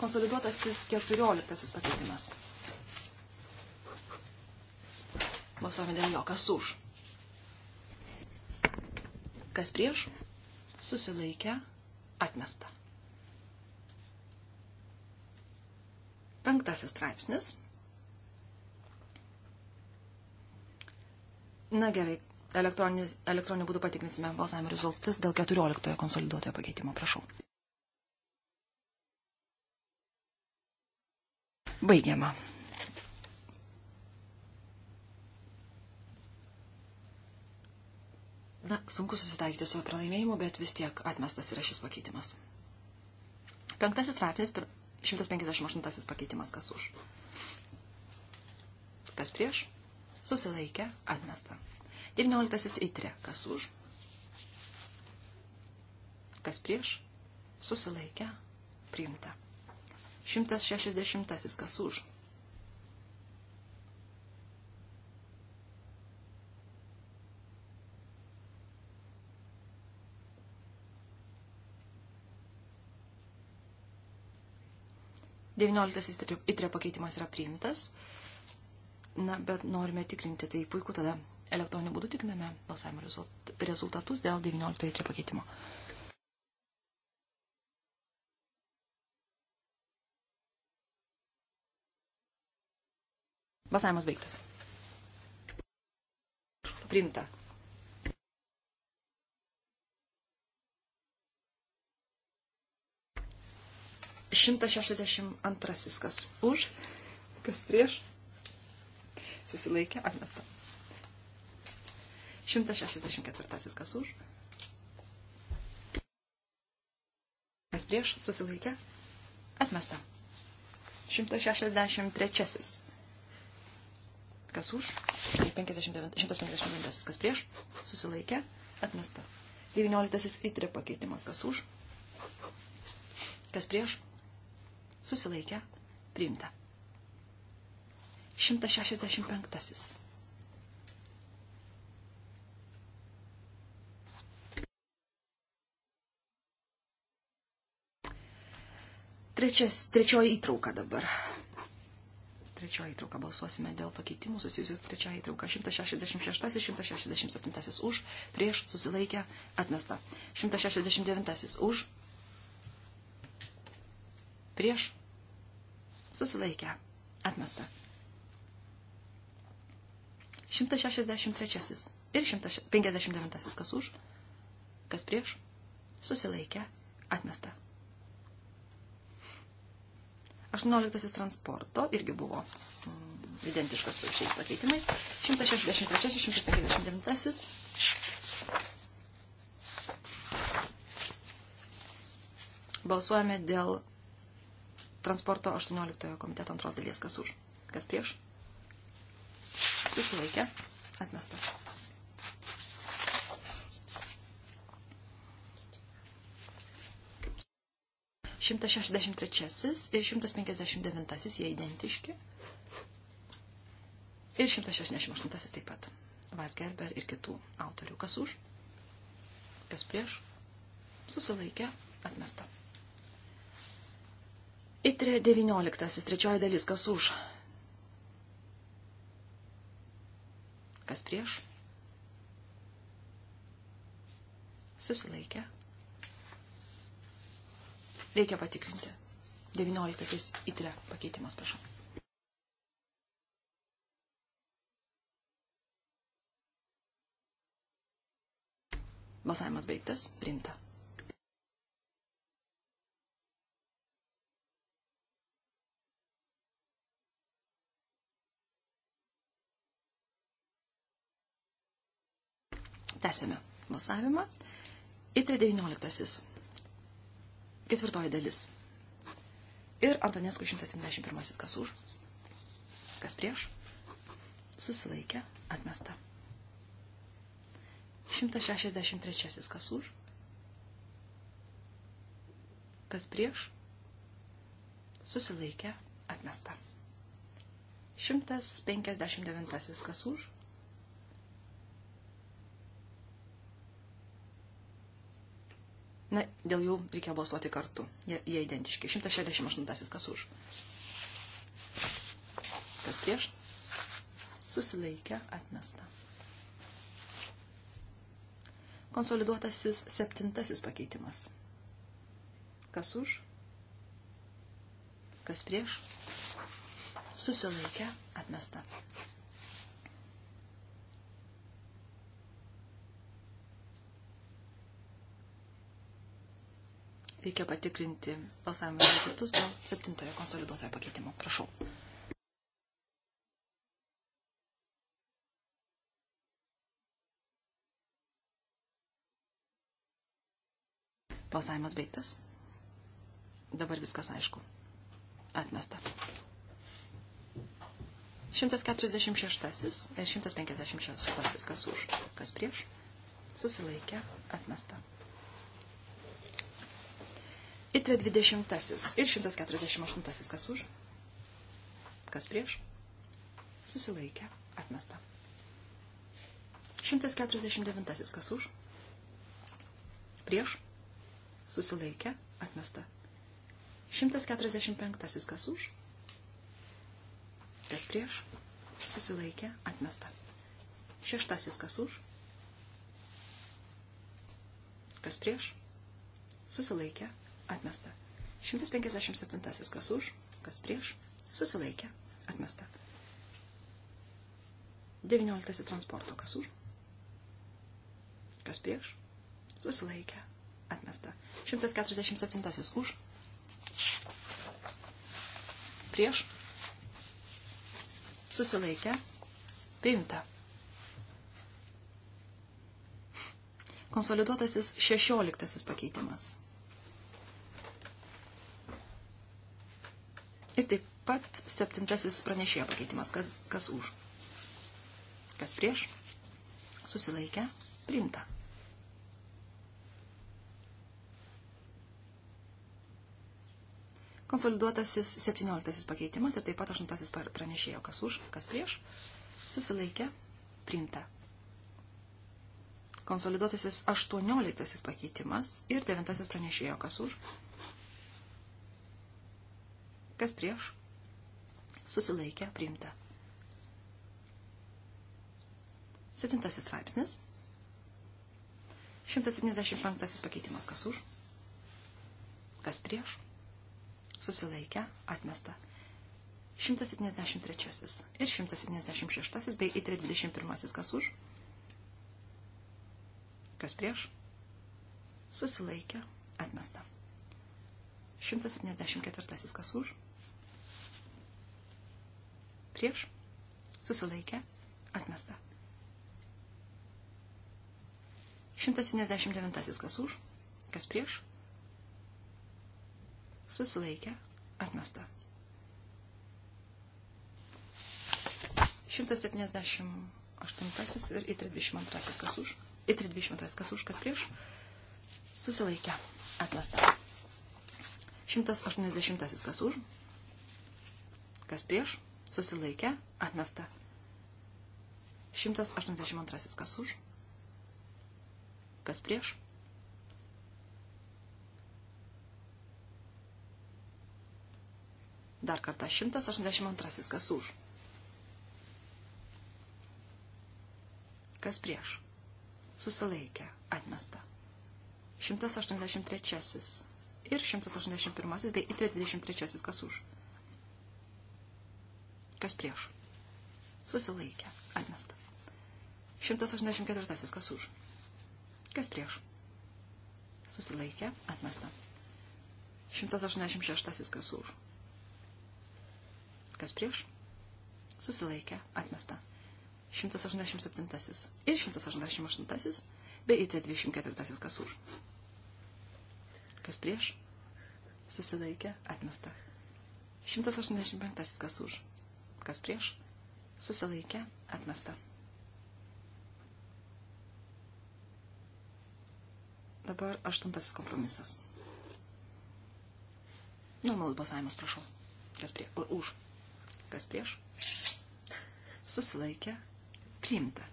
Konsoliduotasis 14 pakeitimas. Balsuojame dėl jo, kas už, Kas prieš? Susilaikę. Atmesta. Penktasis straipsnis. Na gerai, elektroniniu būdu patikrinsime balsavimo rezultatus dėl 14 konsoliduotojo pakeitimo. Prašau. Baigiama. Na, sunku susitaikyti su pralaimėjimu, bet vis tiek atmestas yra šis pakeitimas. Penktasis straipsnis, 158 pakeitimas, kas už. Kas prieš? Susilaikė, atmesta. 19 įtrė, kas už. Kas prieš? Susilaikė, priimta. 160 kas už. 19 įtrio pakeitimas yra priimtas. Na, bet norime tikrinti, tai puiku tada elektroniniu būdu tikriname balsavimo rezultatus dėl 19 įtrio pakeitimo. Balsavimas baigtas. Priimta. 162. Kas už, kas prieš. Susilaikė, atmesta. 164. Kas už. Kas prieš, susilaikė, atmesta. 163. Kas už, 159, 159. Kas prieš, susilaikė, atmesta. 19. Įtrė e pakeitimas. Kas už, kas prieš, susilaikė, priimta. 165. Trečias, trečioji įtrauka dabar. Trečioji įtrauka balsuosime dėl pakeitimų susijusios trečioji įtrauka. 166 ir 167 už, prieš susilaikę atmesta. 169 už, prieš susilaikė, atmesta. 163 ir 159 kas už, kas prieš, susilaikė, atmesta. 18 transporto irgi buvo mm, identiškas su šiais pakeitimais. 163-159. Balsuojame dėl transporto 18 komiteto antros dalies, kas už, kas prieš. Susilaikė, atmesta. Šimtas šešdešimt trečiasis ir šimtas penkiasdešimt devintasis, jie identiški. Ir 168 taip pat. Vasgerber ir kitų autorių. Kas už? Kas prieš? Susilaikė, atmesta. Itre 19, trečioji dalis, kas už. Kas prieš? Susilaikė. Reikia patikrinti. 19 itre pakeitimas, prašau. Balsavimas baigtas, priimta. Tęsime balsavimą. Įtė 19. Ketvirtoji dalis. Ir Antonesku 171. Kas už? Kas prieš? Susilaikė. Atmesta. 163. Kas už? Kas prieš? Susilaikė. Atmesta. 159. Kas už? Na, dėl jų reikia balsuoti kartu. Jie, jie identiški. 168 kas už. Kas prieš? Susilaikę atmesta. Konsoliduotasis septintasis pakeitimas. Kas už? Kas prieš? Susilaikę atmesta. reikia patikrinti balsavimo rezultatus dėl septintojo konsoliduotojo pakeitimo. Prašau. Balsavimas baigtas. Dabar viskas aišku. Atmesta. 146, 156, kas už, kas prieš, susilaikė, atmesta. Itre 20 ir 148, kas už, kas prieš, susilaikė, atmesta. 149, kas už, prieš, susilaikė, atmesta. 145, kas už, kas prieš, susilaikė, atmesta. Šeštasis, kas už, kas prieš, susilaikė, atmesta Atmesta. 157. Kas už, kas prieš, susilaikė. Atmesta. 19. Transporto. Kas už, kas prieš, susilaikė. Atmesta. 147. Už, prieš, susilaikė. Priimta. Konsoliduotasis 16. pakeitimas. Ir taip pat septintasis pranešėjo pakeitimas, kas, kas už. Kas prieš? Susilaikę, priimta. Konsoliduotasis 17 pakeitimas ir taip pat 8 pranešėjo, kas už, kas prieš, susilaikė, priimta. Konsoliduotasis 18 pakeitimas ir 9 pranešėjo, kas už, Kas prieš? Susilaikė, priimta. Septintasis straipsnis. 175 pakeitimas. Kas už? Kas prieš? Susilaikę, atmesta. 173 ir 176 bei įtrė 21 kas už? Kas prieš? Susilaikę, atmesta. 174 kas už? prieš, susilaikė, atmesta. 179 kas už, kas prieš, susilaikė, atmesta. 178 ir I32 kas už, I32 kas už, kas prieš, susilaikė, atmesta. 180 kas už, kas prieš, susilaikė, atmesta. 182 kas už, kas prieš. Dar kartą 182 kas už. Kas prieš? Susilaikė, atmesta. 183 ir 181 bei 23 kas už. Kas prieš? Susilaikė. Atmesta. 184. Kas už? Kas prieš? Susilaikė. Atmesta. 186. Kas už? Kas prieš? Susilaikė. Atmesta. 187. Ir 188. Bei IT24. Kas už? Kas prieš? Susilaikė. Atmesta. 185. Kas už? kas prieš, susilaikė, atmesta. Dabar aštuntasis kompromisas. Normalus balsavimas, prašau. Kas prie, už. Kas prieš? Susilaikė. Priimta.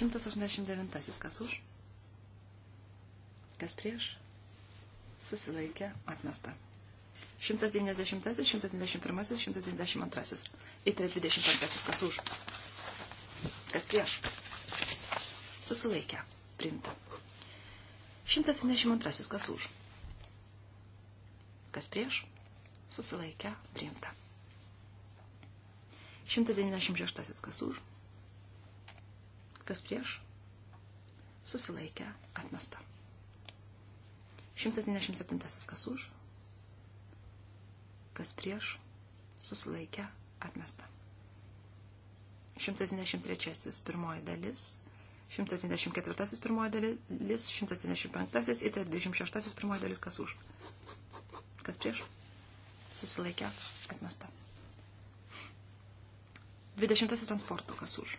189. Kas už? Kas prieš? Susilaikė. Atmesta. 190, 191, 192. Įtrė 25. Kas už? Kas prieš? Susilaikę. Priimta. 172. Kas už? Kas prieš? Susilaikę. Priimta. 196. Kas už? Kas prieš? Susilaikę. Atmesta. 197. Kas už? kas prieš, susilaikę, atmesta. 123. Pirmoji dalis. 124. Pirmoji dalis. 125. Ir 26. Pirmoji dalis. Kas už? Kas prieš? Susilaikę, atmesta. 20. Transporto. Kas už?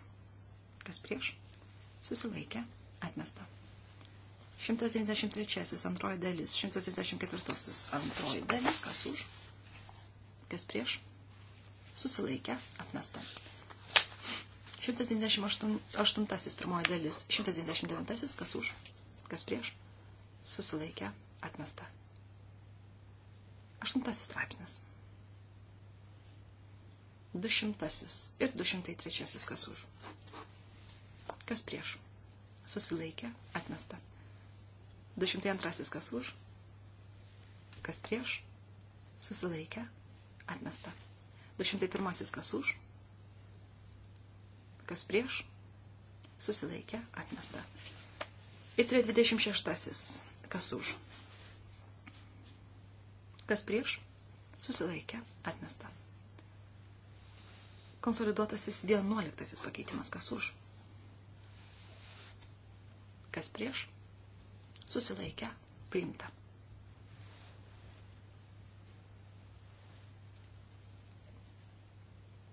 Kas prieš? Susilaikę, atmesta. 133. Antroji dalis. 134. Antroji dalis. Kas už? kas prieš, susilaikė, atmesta. 198 pirmoji dalis, 199 kas už, kas prieš, susilaikė, atmesta. Aštuntasis straipsnis. 200 ir 203 kas už. Kas prieš? Susilaikė, atmesta. 202 kas už. Kas prieš? Susilaikė, Atmesta. 201 kas už, kas prieš, susilaikė, atmesta. Ir 326 kas už, kas prieš, susilaikė, atmesta. Konsoliduotasis 11 pakeitimas kas už, kas prieš, susilaikė, priimta.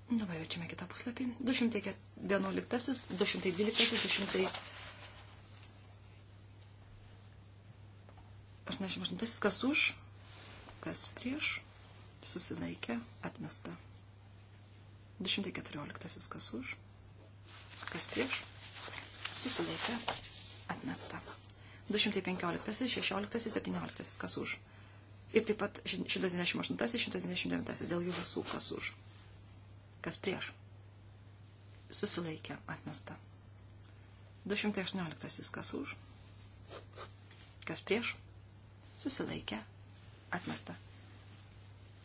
Dabar verčiame kitą puslapį. 211, 212, 288, kas už, kas prieš, susilaikė, atmesta. 214, kas už, kas prieš, susilaikė, atmesta. 215, 16, 17, kas už. Ir taip pat 198, 199, dėl jų visų, kas už Kas prieš? Susilaikė atmesta. 218 kas už. Kas prieš? Susilaikė atmesta.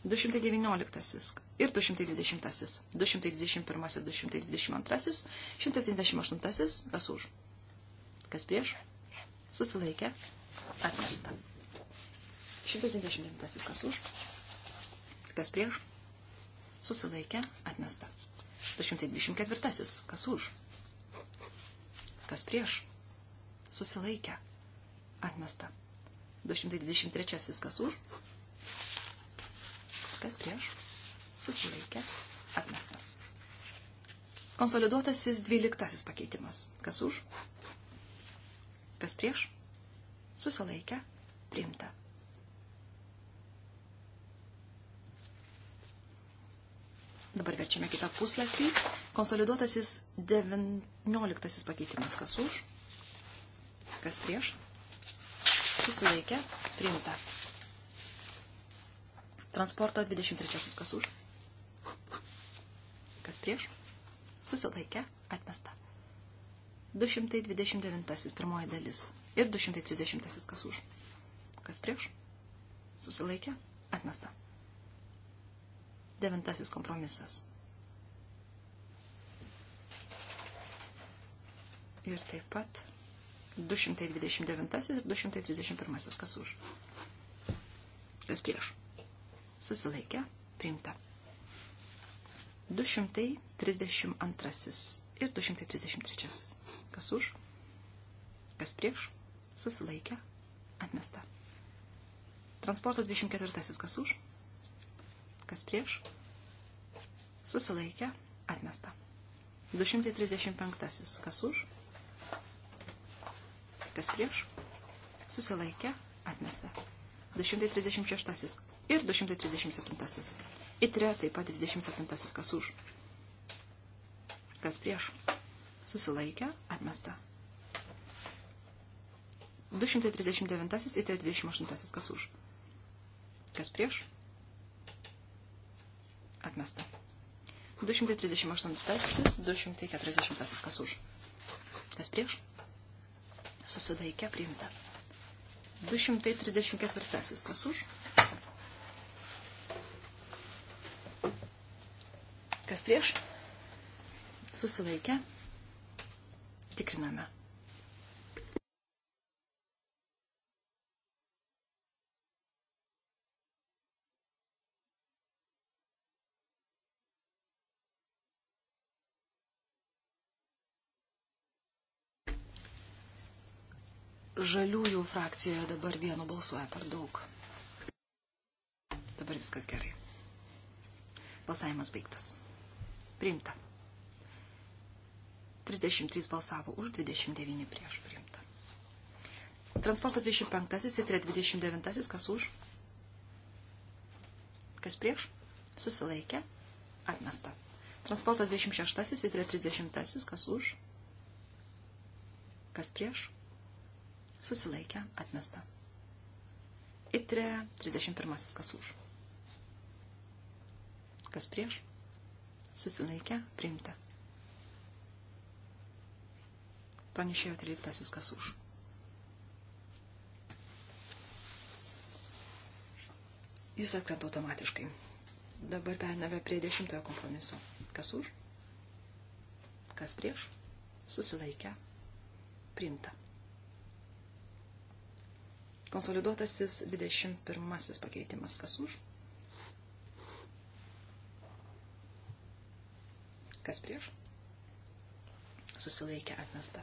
219 ir 220. 221, 222, 138 kas už. Kas prieš? Susilaikė atmesta. 129 kas už. Kas prieš? susilaikė, atmesta. 224. Kas už? Kas prieš? Susilaikė, atmesta. 223. Kas už? Kas prieš? Susilaikė, atmesta. Konsoliduotasis 12. pakeitimas. Kas už? Kas prieš? Susilaikė, priimta. Dabar verčiame kitą puslapį. Konsoliduotasis 19 pakeitimas. Kas už? Kas prieš? Susilaikė. Priimta. Transporto 23. Kas už? Kas prieš? Susilaikė. Atmesta. 229. Pirmoji dalis. Ir 230. Kas už? Kas prieš? Susilaikė. Atmesta. Devintasis kompromisas. Ir taip pat 229 ir 231. Kas už? Kas prieš? Susilaikė. Priimta. 232 ir 233. Kas už? Kas prieš? Susilaikė. Atmesta. Transporto 24. Kas už? kas prieš, susilaikė, atmesta. 235. Kas už? Kas prieš? Susilaikė, atmesta. 236. Ir 237. Itre taip pat 27. Kas už? Kas prieš? Susilaikė, atmesta. 239. Itre 28. Kas už? Kas prieš? Atmesta. 238, 240, kas už. Kas prieš? Susidaikė priimta. 234, kas už. Kas prieš? Susilaikė. Tikriname. žaliųjų frakcijoje dabar vienu balsuoja per daug. Dabar viskas gerai. Balsavimas baigtas. Priimta. 33 balsavo už, 29 prieš priimta. Transporto 25 ir 29 kas už? Kas prieš? Susilaikė. Atmesta. Transporto 26 ir 30 kas už? Kas prieš? susilaikė, atmesta. Itre 31 kas už. Kas prieš, susilaikė, priimta. Pranešėjo 13 kas už. Jis atkrenta automatiškai. Dabar pernavę prie dešimtojo kompromiso. Kas už? Kas prieš? Susilaikę. Primta. Konsoliduotasis 21 pakeitimas. Kas už? Kas prieš? Susilaikė atmesta.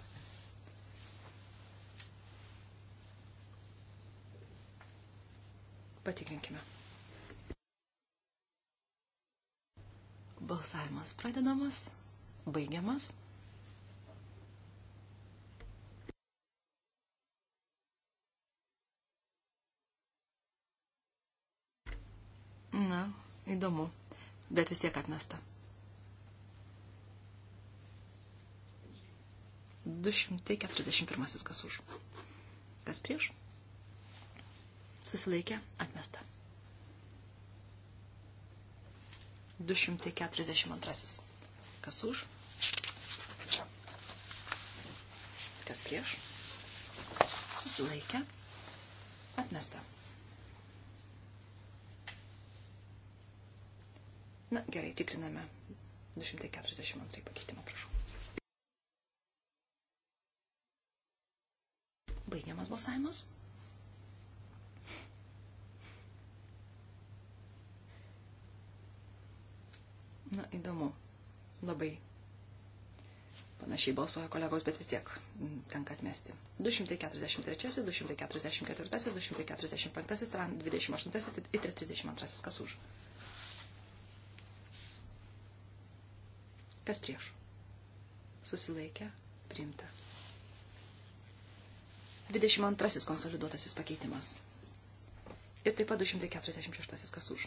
Patikrinkime. Balsavimas pradedamas, baigiamas. Na, įdomu, bet vis tiek atmesta. 241 kas už. Kas prieš? Susilaikė, atmesta. 242. Kas už? Kas prieš? Susilaikė, atmesta. Na, gerai, tikriname. 242 pakeitimą, prašau. Baigiamas balsavimas. Na, įdomu. Labai. Panašiai balsuoja kolegos, bet vis tiek tenka atmesti. 243, 244, 245, 28 ir 32. Kas už? Kas prieš? Susilaikė. Priimta. 22 konsoliduotasis pakeitimas. Ir taip pat 246 kas už.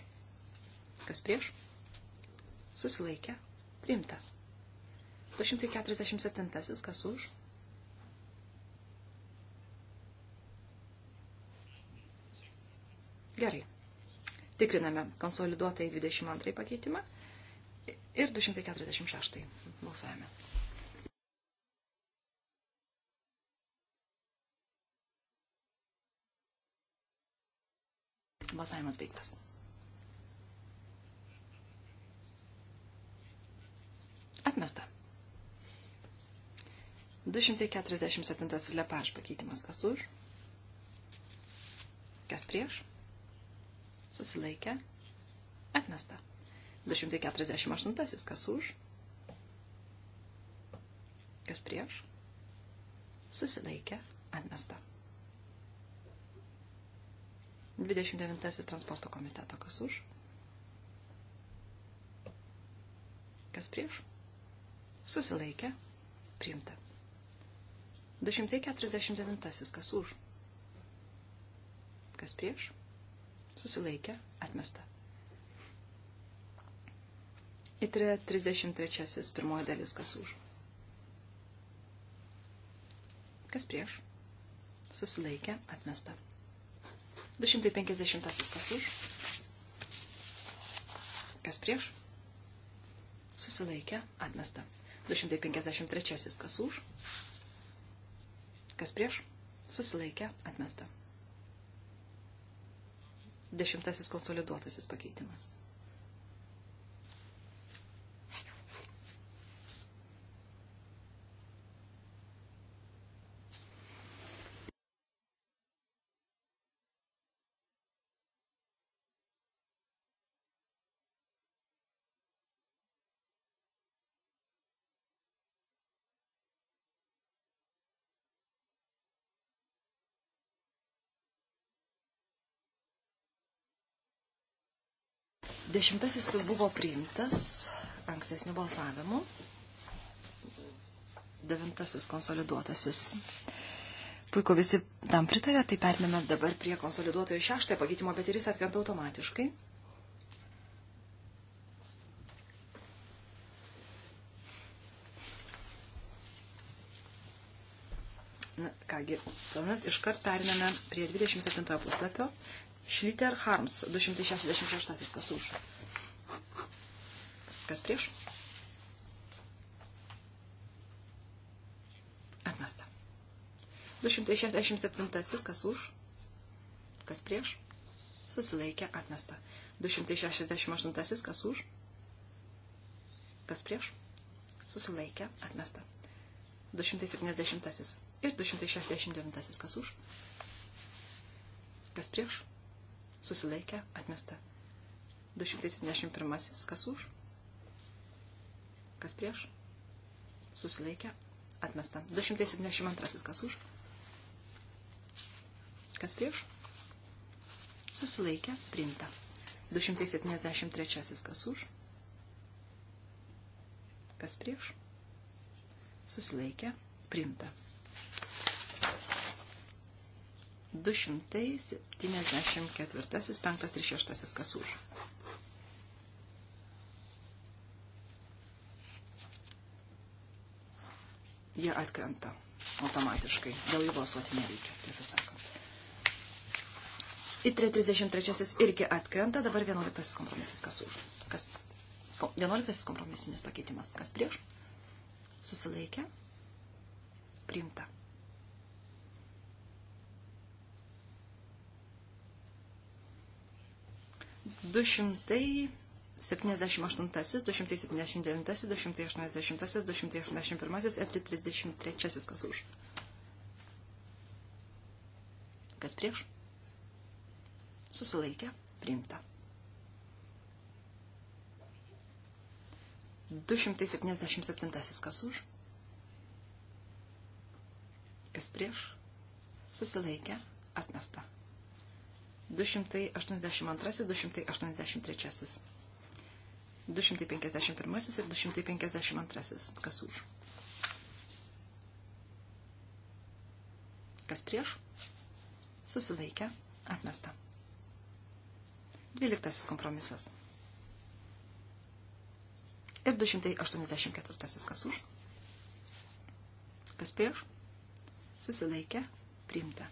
Kas prieš? Susilaikė. Priimta. 247 kas už. Gerai. Tikriname konsoliduotai 22 pakeitimą ir 246. Balsuojame. Balsavimas baigtas. Atmesta. 247 lepaž pakeitimas. Kas už? Kas prieš? Susilaikę. Atmesta. 248. Kas už? Kas prieš? Susilaikė. Atmesta. 29. Transporto komiteto. Kas už? Kas prieš? Susilaikė. Priimta. 249. Kas už? Kas prieš? Susilaikė. Atmesta. Įtrė 33. Pirmoji dalis kas už. Kas prieš? Susilaikė, atmesta. 250. Kas už? Kas prieš? Susilaikė, atmesta. 253. Kas už? Kas prieš? Susilaikė, atmesta. Dešimtasis konsoliduotasis pakeitimas. Dešimtasis buvo priimtas ankstesnių balsavimų. Devintasis konsoliduotasis. Puiku, visi tam pritarė, tai pertiname dabar prie konsoliduotojo šeštąją pakeitimo, bet ir jis atkrenta automatiškai. Na, kągi, tuomet iškart periname prie 27 puslapio. Šliter Harms 266. Kas už? Kas prieš? Atmesta. 267. Kas už? Kas prieš? Susilaikė atmesta. 268. Kas už? Kas prieš? Susilaikė atmesta. 270. Ir 269. Kas už? Kas prieš? susilaikė, atmesta. 271. Kas už? Kas prieš? Susilaikė, atmesta. 272. Kas už? Kas prieš? Susilaikė, priimta. 273. Kas už? Kas prieš? Susilaikė, priimta. 274, 5 ir 6 kas už. Jie atkrenta automatiškai, dėl jų balsuoti nereikia, tiesą sakant. Ir 33 irgi atkrenta, dabar 11 kompromisas kas už. Kas, 11 kompromisinis pakeitimas, kas prieš, susilaikė, priimta. 278, 279, 280, 281 ir 33 kas už. Kas prieš? Susilaikė, priimta. 277 kas už. Kas prieš? Susilaikė, atmesta. 282-283. 251 ir 252. Kas už? Kas prieš? Susilaikę. Atmesta. 12 kompromisas. Ir 284. Kas už? Kas prieš? Susilaikę. Priimta.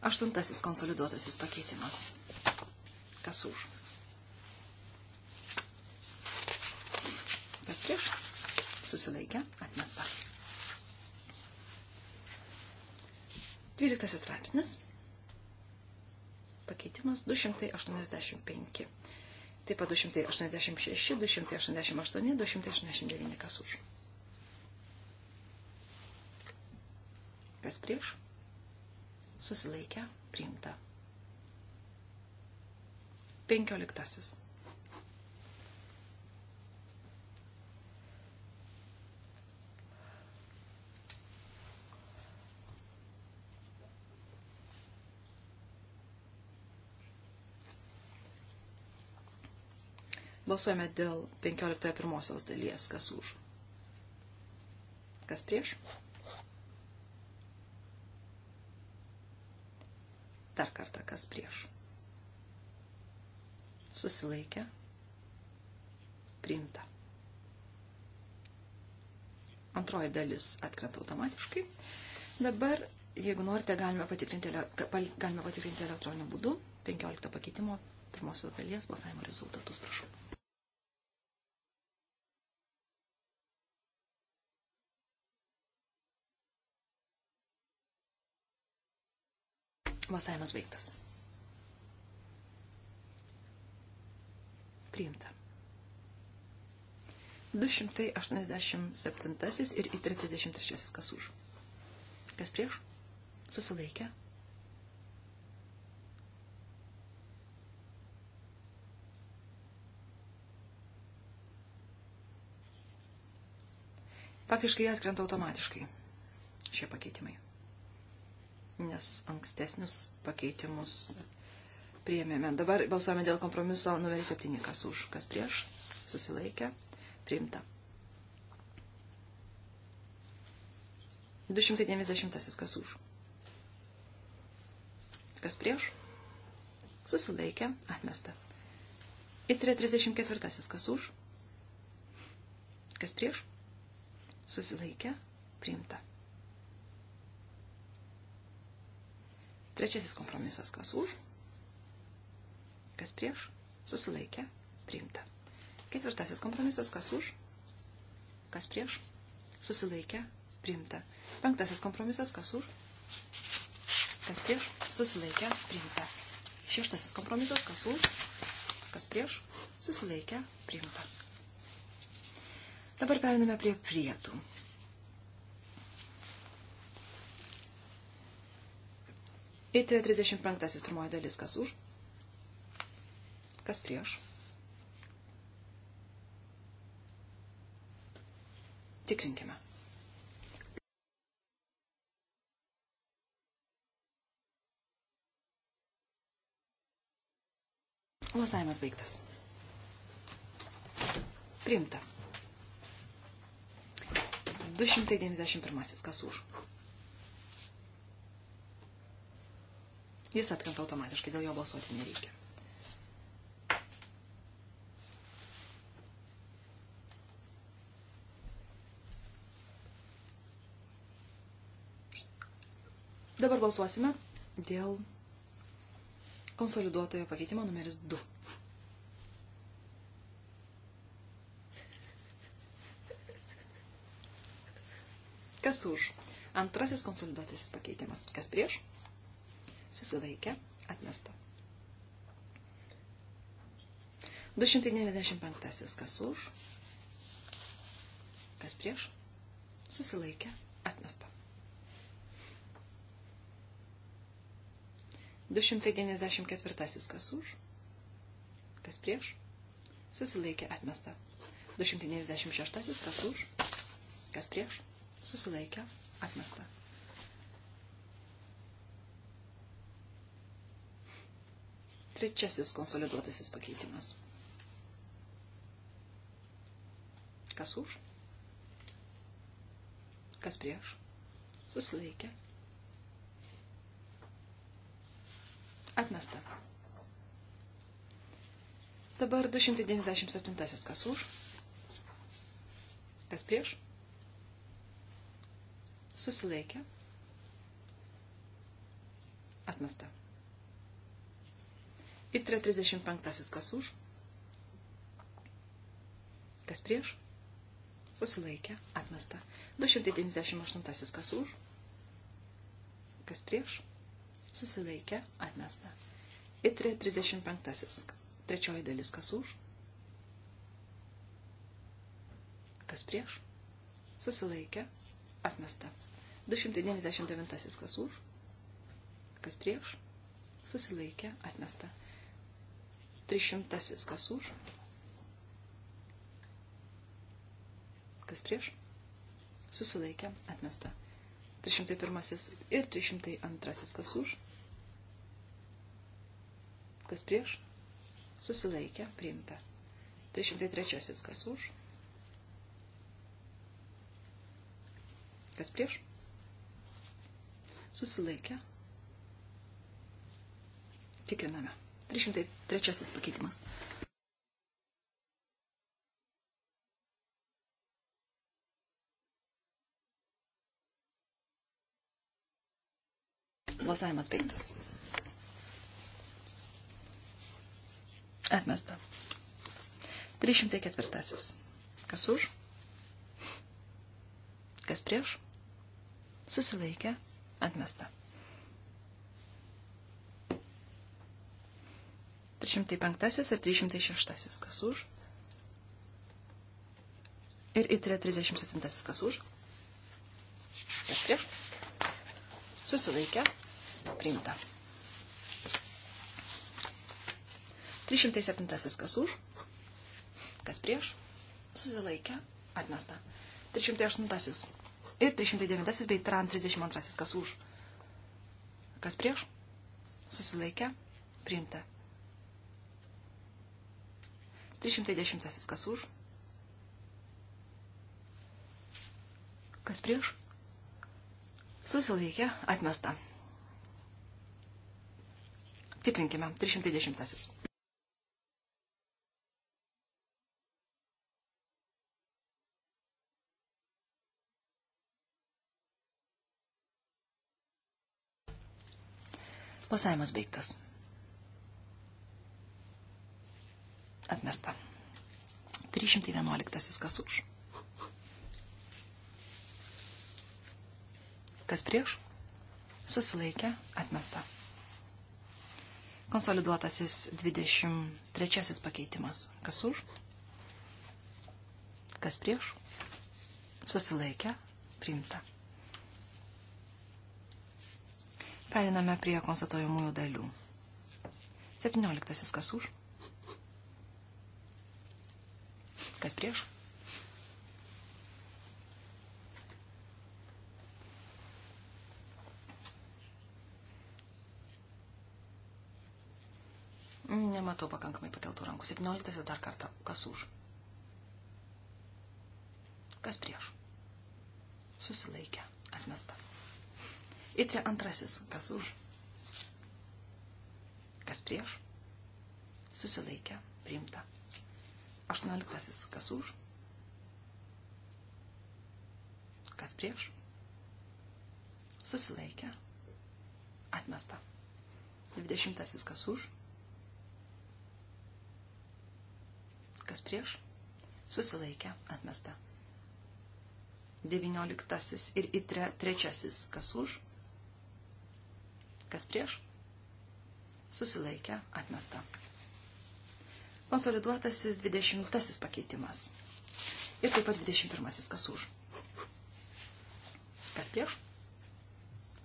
Aštuntasis konsoliduotasis pakeitimas. Kas už? Kas prieš? Susilaikė, atmesta. Dvyliktasis straipsnis. Pakeitimas 285. Taip pat 286, 288, 289. Kas už? Kas prieš? susilaikę, priimta. Penkioliktasis. Balsuojame dėl 15.1 dalies, kas už. Kas prieš? Kas prieš? Dar kartą kas prieš. Susilaikę. Priimta. Antroji dalis atkrenta automatiškai. Dabar, jeigu norite, galime patikrinti, galime patikrinti elektroniniu būdu 15 pakeitimo pirmosios dalies balsavimo rezultatus, prašau. Balsavimas baigtas. Priimta. 287 ir į 33 kas už. Kas prieš? Susilaikė. Faktiškai atkrenta automatiškai šie pakeitimai nes ankstesnius pakeitimus priėmėme. Dabar balsuojame dėl kompromiso numeris 7, kas už, kas prieš, susilaikė, priimta. 290, kas už, kas prieš, susilaikė, atmesta. Ir 34, kas už, kas prieš, susilaikė, priimta. Trečiasis kompromisas, kas už, kas prieš, susilaikė, priimta. Ketvirtasis kompromisas, kas už, kas prieš, susilaikė, priimta. Penktasis kompromisas, kas už, kas prieš, susilaikė, priimta. Šeštasis kompromisas, kas už, kas prieš, susilaikė, priimta. Dabar periname prie prietų. Įtrė 35 pirmoji dalis, kas už, kas prieš. Tikrinkime. Lasavimas baigtas. Priimta. 291. Kas už? Jis atkrenta automatiškai, dėl jo balsuoti nereikia. Dabar balsuosime dėl konsoliduotojo pakeitimo numeris 2. Kas už? Antrasis konsoliduotis pakeitimas. Kas prieš? susilaikė, atmesta. 295. Kas už, kas prieš, susilaikė, atmesta. 294. Kas už, kas prieš, susilaikė, atmesta. 296. Kas už, kas prieš, susilaikė, atmesta. Trečiasis konsoliduotasis pakeitimas. Kas už? Kas prieš? Susilaikė. Atmesta. Dabar 297 kas už. Kas prieš? Susilaikė. Atmesta. Itre 35. Kas už? Kas prieš? Susilaikė. Atmesta. 298. Kas už? Kas prieš? Susilaikė. Atmesta. Itre 35. Trečioji dalis. Kas už? Kas prieš? Susilaikė. Atmesta. 299. Kas už? Kas prieš? Susilaikė. Atmesta. 300 kas už, kas prieš, susilaikė, atmesta. 301 ir 302 kas už, kas prieš, susilaikė, priimta. 303 kas už, kas prieš, susilaikė, tikriname. 303 pakeitimas. Balsavimas baigtas. Atmesta. 304. Kas už? Kas prieš? Susilaikė. Atmesta. 405 ir 306 kas už. Ir įtrė 37 kas už. Kas prieš. Susilaikė. Priimta. 307 kas už. Kas prieš. Susilaikė. Atmesta. 308 ir 309 bei tran 32 kas už. Kas prieš. Susilaikė. Priimta. 310 kas už. Kas prieš? Susilaikė, atmesta. Tikrinkime, 310. Balsavimas baigtas. Atmesta. 311 kas už. Kas prieš? Susilaikė. Atmesta. Konsoliduotasis 23 pakeitimas. Kas už? Kas prieš? Susilaikę. Priimta. Periname prie konstatuojamųjų dalių. 17. Kas už? Kas prieš? Nematau pakankamai pakeltų rankų. 17 dar kartą. Kas už? Kas prieš? Susilaikę. Atmesta. Itre antrasis. Kas už? Kas prieš? Susilaikę. Priimta. 18. Kas už? Kas prieš? Susilaikė. Atmesta. 20. Kas už? Kas prieš? Susilaikė. Atmesta. 19. Ir į tre, trečiasis. Kas už? Kas prieš? Susilaikė. Atmesta konsoliduotasis 20 pakeitimas. Ir taip pat 21 kas už. Kas prieš?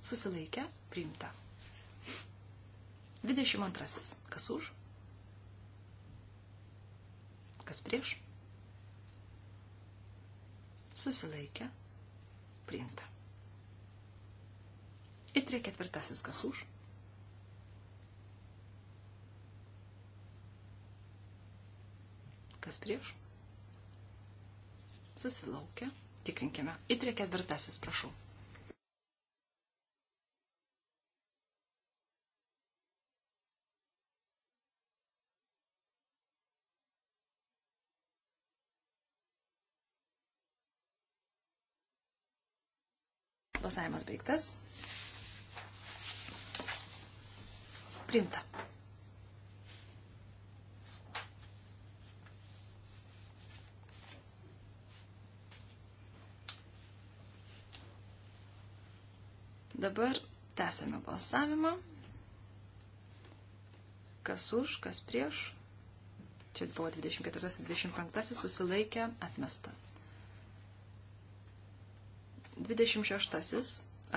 Susilaikę, priimta. 22 kas už. Kas prieš? Susilaikę, priimta. Ir 3 ketvirtasis kas už Kas prieš? Susilaukia. Tikrinkime. Įtrė ketvirtasis, prašau. Balsavimas baigtas. Priimta. Dabar tęsėme balsavimą. Kas už, kas prieš. Čia buvo 24-25 susilaikę atmesta. 26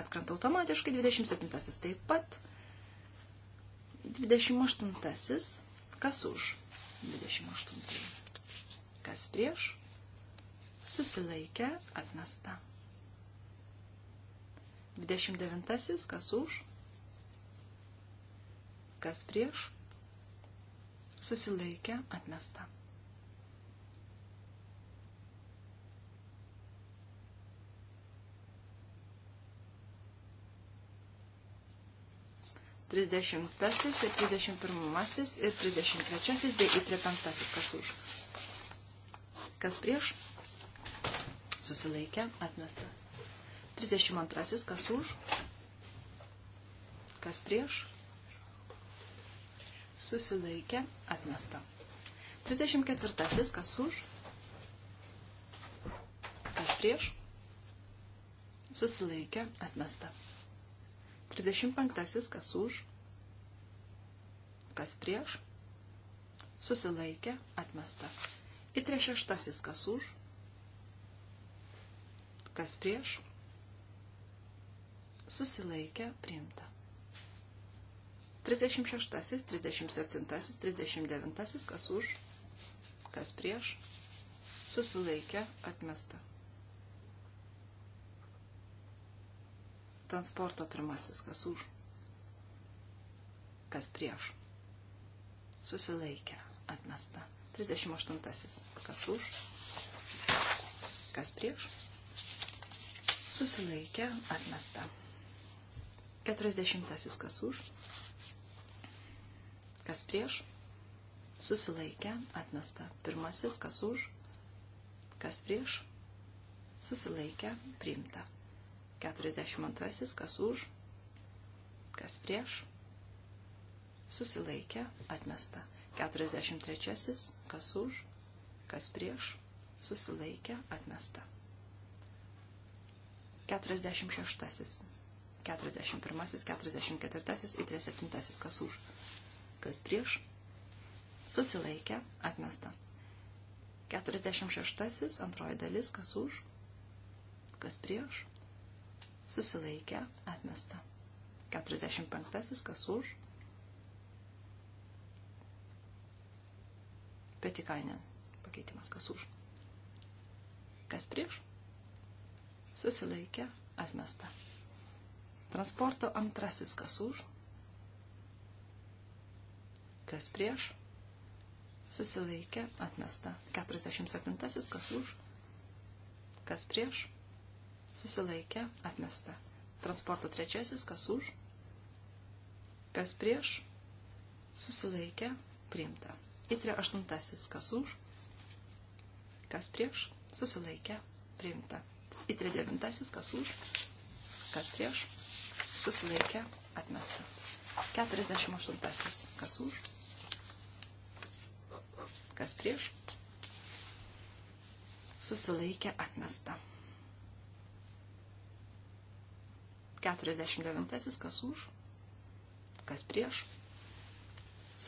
atkrenta automatiškai, 27 taip pat. 28 kas už 28. Kas prieš susilaikę atmesta. 29. Kas už? Kas prieš? Susilaikė atmesta. Trisdešimtasis ir trisdešimt pirmasis ir trisdešimt trečiasis bei įtrė penktasis. Kas už? Kas prieš? Susilaikė atmesta. 32. Kas už? Kas prieš? Susilaikė. Atmesta. 34. Kas už? Kas prieš? Susilaikė. Atmesta. 35. Kas už? Kas prieš? Susilaikė. Atmesta. Į 36. Kas už? Kas prieš? susilaikė priimta. 36, 37, 39, kas už, kas prieš, susilaikė atmesta. Transporto pirmasis, kas už, kas prieš, susilaikė atmesta. 38, kas už, kas prieš, susilaikė atmesta. Keturiasdešimtasis kas už, kas prieš, susilaikę, atmesta. Pirmasis kas už, kas prieš, susilaikę, priimta. Keturiasdešimt antrasis kas už, kas prieš, susilaikę, atmesta. Keturiasdešimt trečiasis kas už, kas prieš, susilaikę, atmesta. Keturiasdešimt šeštasis 41, 44 ir 37, kas už, kas prieš, susilaikė, atmesta. 46, antroji dalis, kas už, kas prieš, susilaikė, atmesta. 45, kas už, petikainė, pakeitimas, kas už, kas prieš, susilaikė, atmesta. Transporto antrasis kas už, kas prieš, susilaikė, atmesta. 47 kas už, kas prieš, susilaikė, atmesta. Transporto trečiasis kas už, kas prieš, susilaikė, priimta. Itre aštuntasis kas už, kas prieš, susilaikė, priimta. Itre devintasis kas už, kas prieš, susilaikė, atmesta. 48. Kas už? Kas prieš? Susilaikė, atmesta. 49. Kas už? Kas prieš?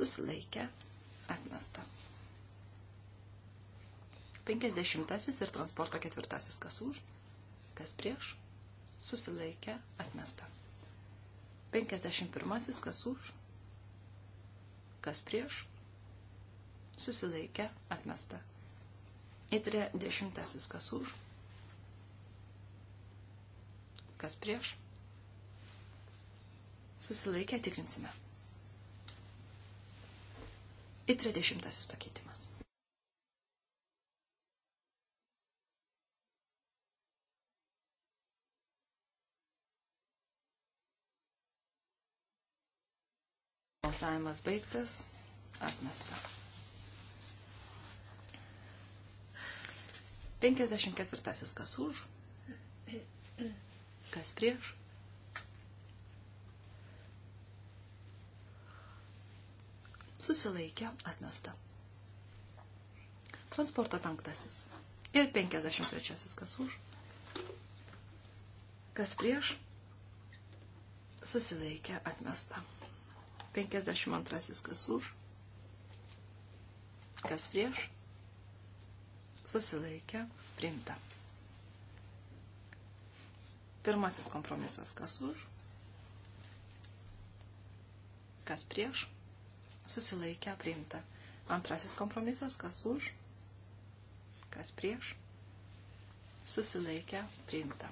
Susilaikė, atmesta. 50. ir transporto ketvirtasis. Kas už? Kas prieš? Susilaikė, atmesta. 51. Kas už? Kas prieš? Susilaikė atmesta. Įtrė 10. Kas už? Kas prieš? Susilaikę tikrinsime. Į 30 pakeitimas. Balsavimas baigtas. Atmesta. 54. Kas už? Kas prieš? Susilaikė. Atmesta. Transporto penktasis. Ir 53. Kas už? Kas prieš? Susilaikė. Atmesta. 52 kas už, kas prieš, susilaikė, priimta. Pirmasis kompromisas kas už, kas prieš, susilaikė, priimta. Antrasis kompromisas kas už, kas prieš, susilaikė, priimta.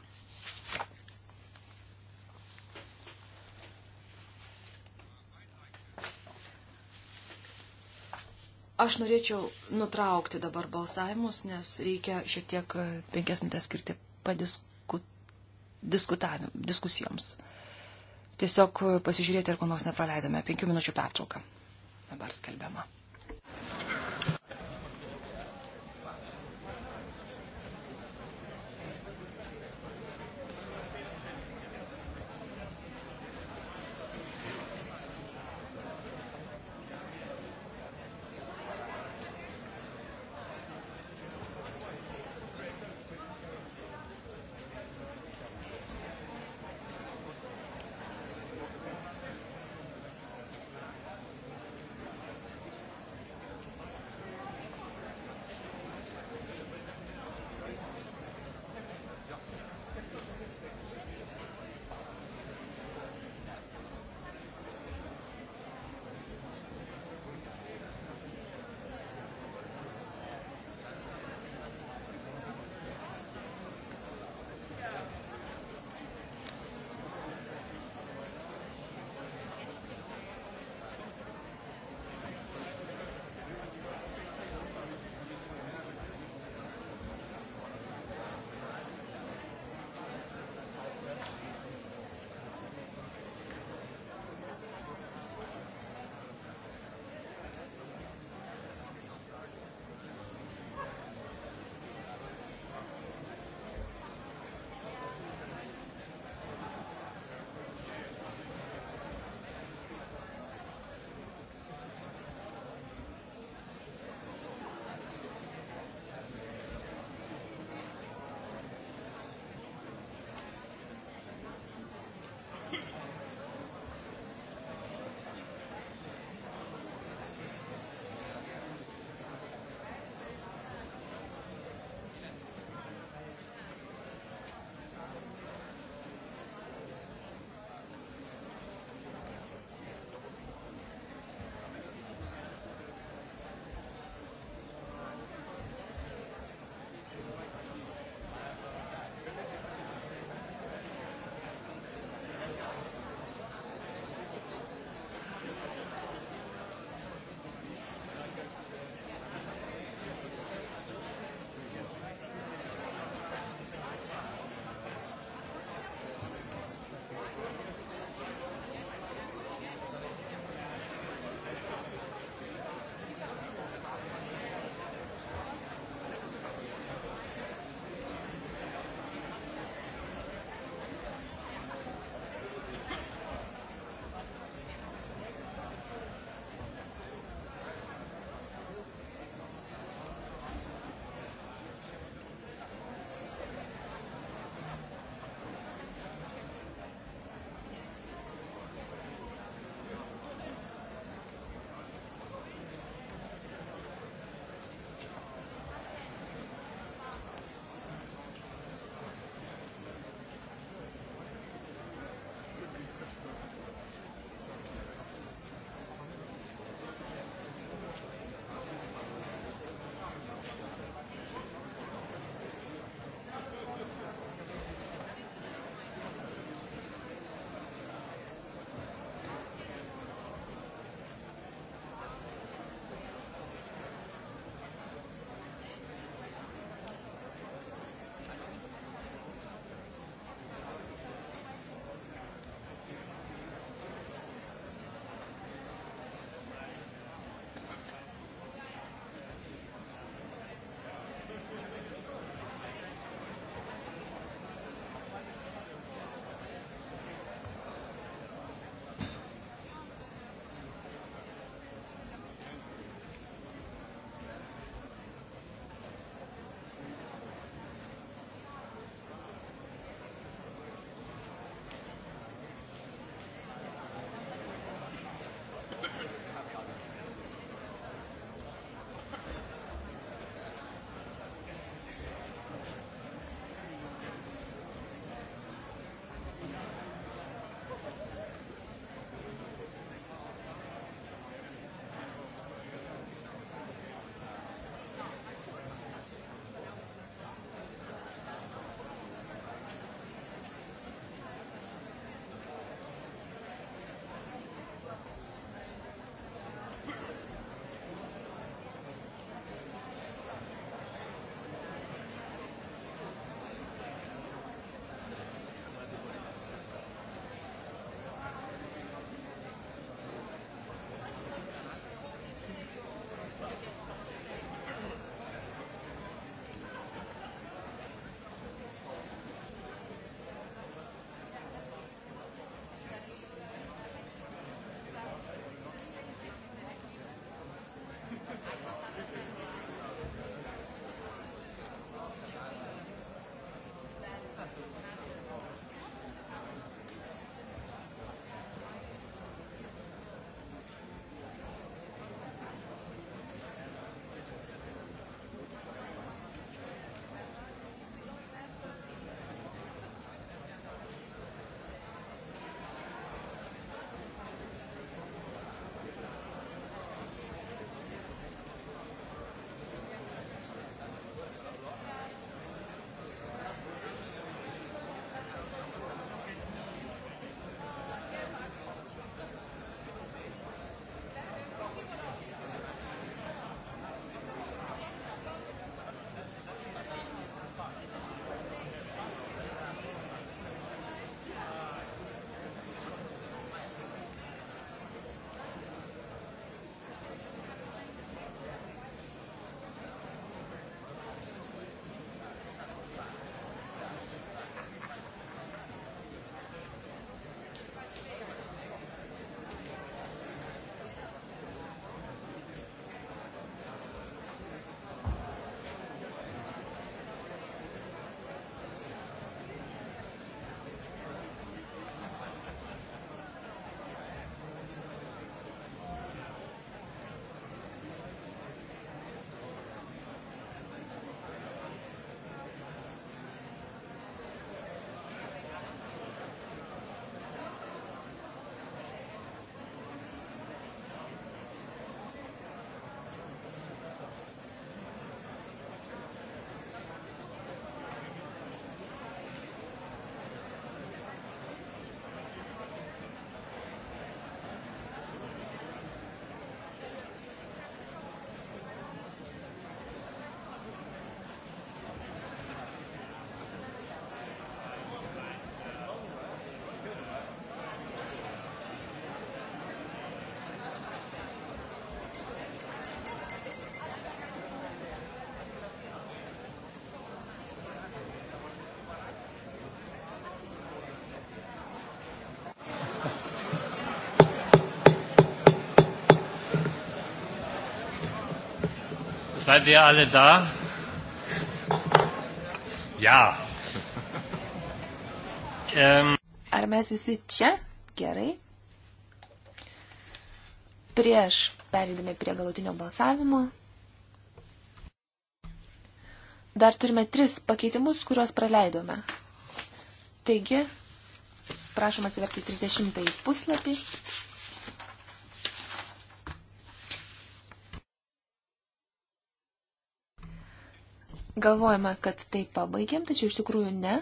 Aš norėčiau nutraukti dabar balsavimus, nes reikia šiek tiek e, penkias minutės skirti padisku, diskusijoms. Tiesiog e, pasižiūrėti, ar ko nors nepraleidome. Penkių minučių pertrauka. Dabar skelbiama. Seid ihr alle da? Ja. Um. Ar mes visi čia? Gerai. Prieš perėdami prie galutinio balsavimo, dar turime tris pakeitimus, kuriuos praleidome. Taigi, prašom atsiverti 30 puslapį. galvojame, kad tai pabaigėm, tačiau iš tikrųjų ne.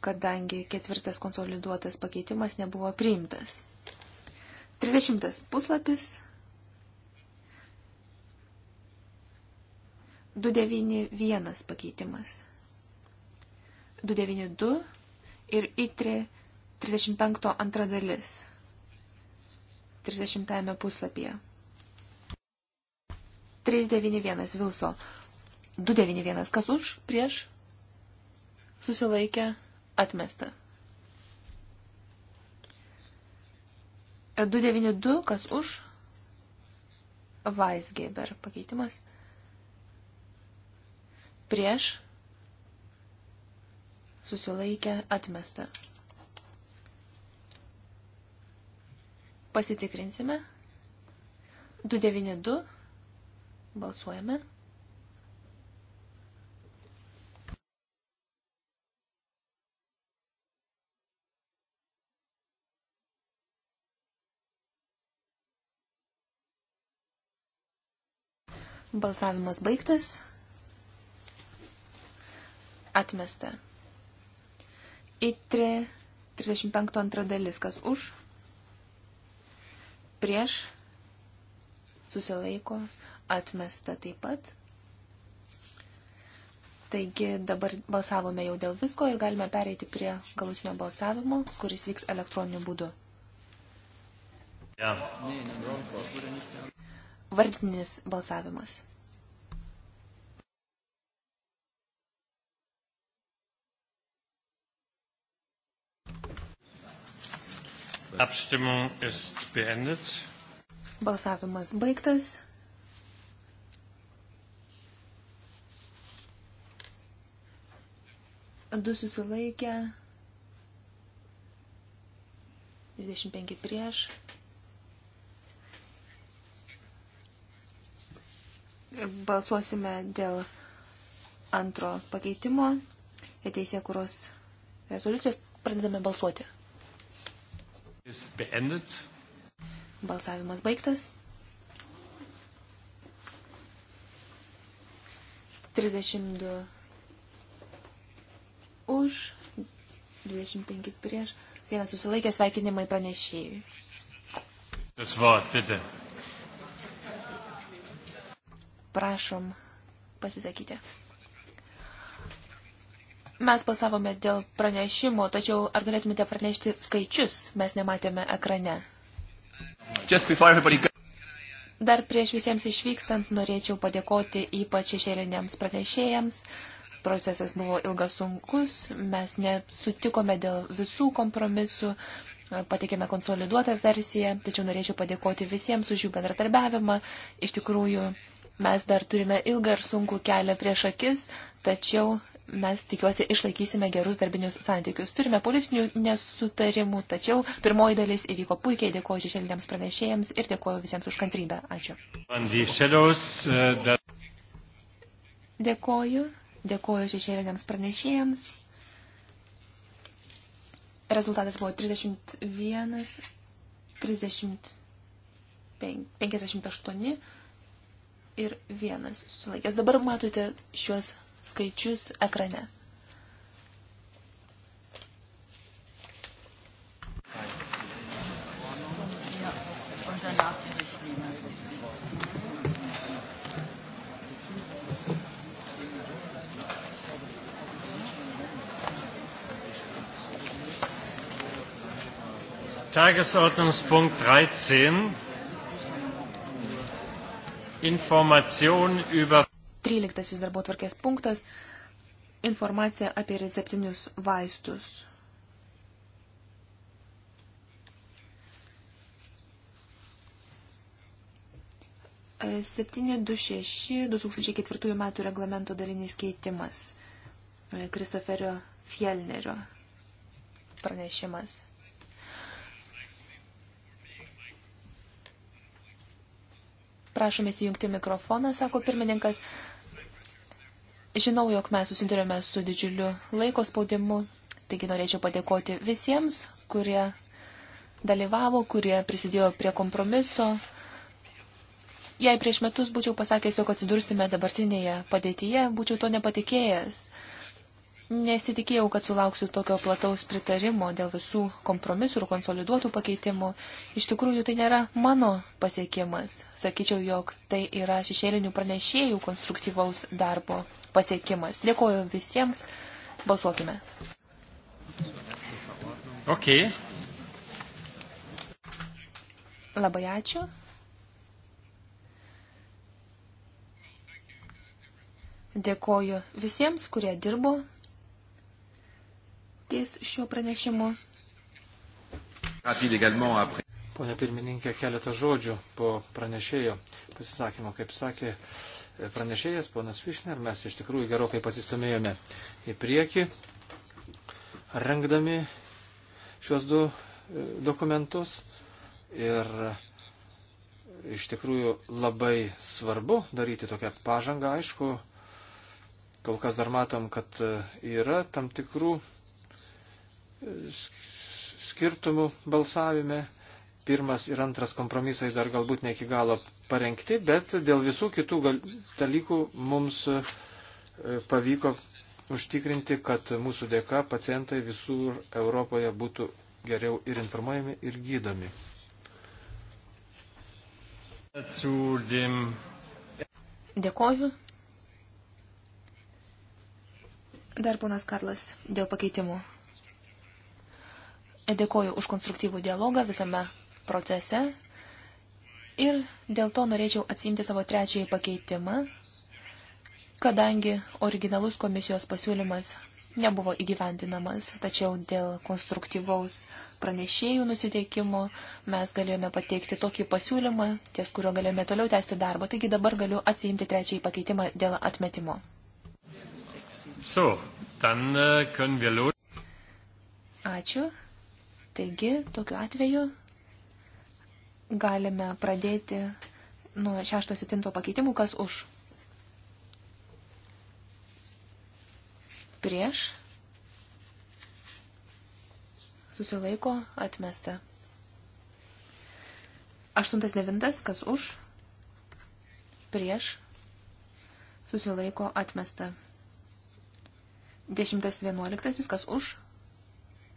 kadangi ketvirtas konsoliduotas pakeitimas nebuvo priimtas. 30 puslapis 291 pakeitimas. 292 ir ITRI 35 antra dalis. 30 puslapyje. 391 Vilso. 291. Kas už? Prieš? Susilaikę? Atmesta. 292. Kas už? Weisgeber pakeitimas. Prieš? Susilaikę? Atmesta. Pasitikrinsime. 292. Balsuojame. Balsavimas baigtas. Atmesta. Įtri 35 antra dalis, kas už, prieš, susilaiko, atmesta taip pat. Taigi dabar balsavome jau dėl visko ir galime pereiti prie galutinio balsavimo, kuris vyks elektroniniu būdu. Ja. Vardinis balsavimas. Abstimmung ist beendet. Balsavimas baigtas. du susilaikę, 25 prieš. Balsuosime dėl antro pakeitimo ir teisė kuros rezoliucijos pradedame balsuoti. Balsavimas baigtas. 32 už, 25 prieš, vienas susilaikė sveikinimai pranešėjui. Tas vod, bitte. Prašom pasisakyti. Mes balsavome dėl pranešimo, tačiau ar galėtumėte pranešti skaičius, mes nematėme ekrane. Dar prieš visiems išvykstant norėčiau padėkoti ypač šešėliniams pranešėjams, Procesas buvo ilgas sunkus, mes nesutikome dėl visų kompromisų, pateikėme konsoliduotą versiją, tačiau norėčiau padėkoti visiems už jų bendratarbiavimą. Iš tikrųjų, mes dar turime ilgą ir sunkų kelią prieš akis, tačiau mes tikiuosi išlaikysime gerus darbinius santykius. Turime politinių nesutarimų, tačiau pirmoji dalis įvyko puikiai, dėkoju šešėliniams pranešėjams ir dėkoju visiems už kantrybę. Ačiū. Eh, dėkoju. Dėkoju šešėliniams pranešėjams. Rezultatas buvo 31, 30, 58 ir 1 susilaikęs. Dabar matote šiuos skaičius ekrane. Tagesordnungspunkt 13. Information über. 13. darbo tvarkės punktas. Informacija apie receptinius vaistus. Septyni du šeši du tūkstančiai ketvirtųjų metų reglamento dalinis keitimas. Kristoferio Fjellnerio pranešimas. Prašome įjungti mikrofoną, sako pirmininkas. Žinau, jog mes susidurėme su didžiuliu laiko spaudimu, taigi norėčiau padėkoti visiems, kurie dalyvavo, kurie prisidėjo prie kompromiso. Jei prieš metus būčiau pasakęs, jog atsidursime dabartinėje padėtyje, būčiau to nepatikėjęs. Nesitikėjau, kad sulauksiu tokio plataus pritarimo dėl visų kompromisų ir konsoliduotų pakeitimų. Iš tikrųjų, tai nėra mano pasiekimas. Sakyčiau, jog tai yra šešėlinių pranešėjų konstruktyvaus darbo pasiekimas. Dėkoju visiems. Balsuokime. Ok. Labai ačiū. Dėkoju visiems, kurie dirbo ties šiuo pranešimu. Pone pirmininkė, keletą žodžių po pranešėjo pasisakymo, kaip sakė pranešėjas, ponas Višner, mes iš tikrųjų gerokai pasistumėjome į priekį, rengdami šios du e, dokumentus ir e, iš tikrųjų labai svarbu daryti tokią pažangą, aišku, kol kas dar matom, kad e, yra tam tikrų skirtumų balsavime. Pirmas ir antras kompromisai dar galbūt ne iki galo parengti, bet dėl visų kitų gal... dalykų mums e, pavyko užtikrinti, kad mūsų dėka pacientai visur Europoje būtų geriau ir informuojami, ir gydomi. Dėkoju. Dar ponas Karlas dėl pakeitimų. Dėkoju už konstruktyvų dialogą visame procese ir dėl to norėčiau atsimti savo trečiąjį pakeitimą, kadangi originalus komisijos pasiūlymas nebuvo įgyvendinamas, tačiau dėl konstruktyvaus pranešėjų nusiteikimo mes galėjome pateikti tokį pasiūlymą, ties kurio galėjome toliau tęsti darbą. Taigi dabar galiu atsiimti trečiąjį pakeitimą dėl atmetimo. So, dann, uh, Ačiū. Taigi, tokiu atveju galime pradėti nuo 6-7 pakeitimų, kas už. Prieš. Susilaiko atmesta. 8-9, kas už. Prieš. Susilaiko atmesta. 10-11, kas už.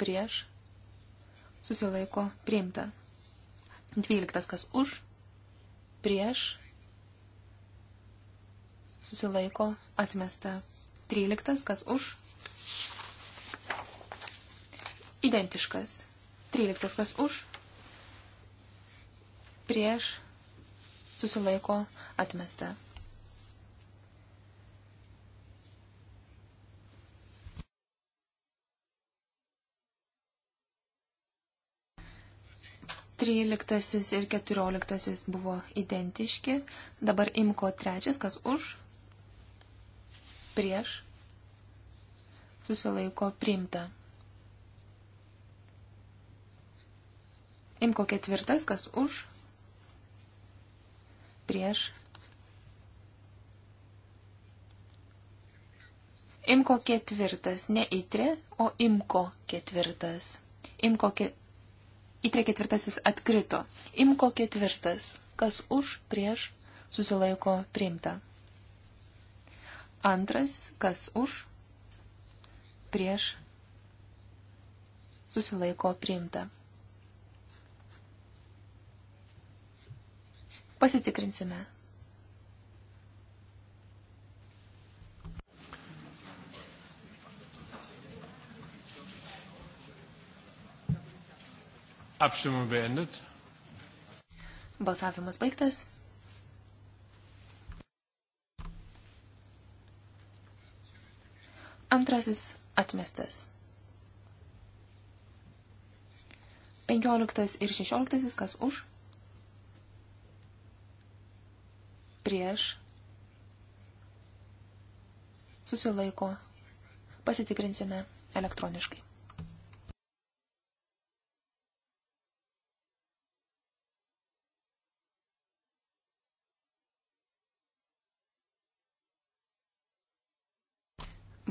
Prieš susilaiko priimta. 12. Kas už, prieš, susilaiko atmesta. 13. Kas už, identiškas. 13. Kas už, prieš, susilaiko atmesta. 13 ir 14 buvo identiški. Dabar imko trečias, kas už, prieš, susilaiko priimta. Imko ketvirtas, kas už, prieš. Imko ketvirtas, ne itre, o imko ketvirtas. Imko ketvirtas Įtrė ketvirtasis atkrito. Imko ketvirtas. Kas už, prieš, susilaiko priimta. Antras, kas už, prieš, susilaiko priimta. Pasitikrinsime. Abstimmung beendet. Balsavimas baigtas. Antrasis atmestas. 15 ir 16, kas už? Prieš. Susilaiko. Pasitikrinsime elektroniškai.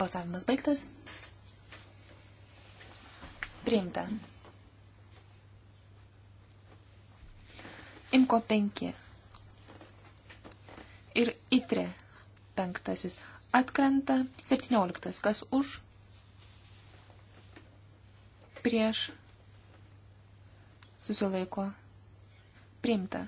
Balsavimas baigtas. Priimta. Imko 5. Ir itre penktasis atkrenta 17. Kas už? Prieš. Susilaiko. Priimta.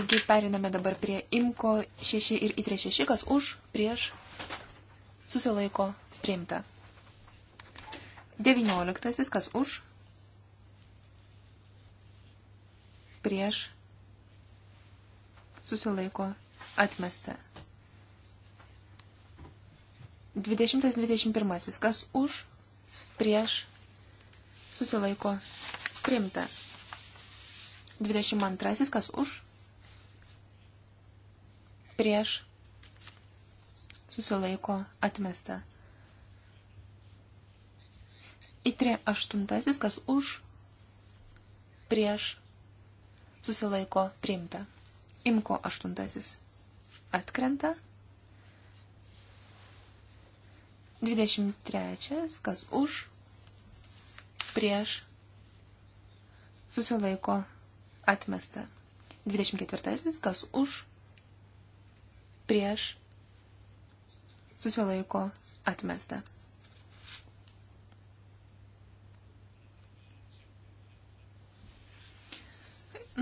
Taigi periname dabar prie imko 6 ir itre 6, kas už, prieš, susilaiko, priimta. 19, kas už, prieš, susilaiko, atmesta. 20-21, kas už, prieš, susilaiko, priimta. 22, kas už, prieš susilaiko atmesta. Įtrė aštuntasis, kas už, prieš, susilaiko priimta. Imko aštuntasis atkrenta. 23, kas už, prieš, susilaiko atmesta. 24, kas už, prieš susilaiko atmesta.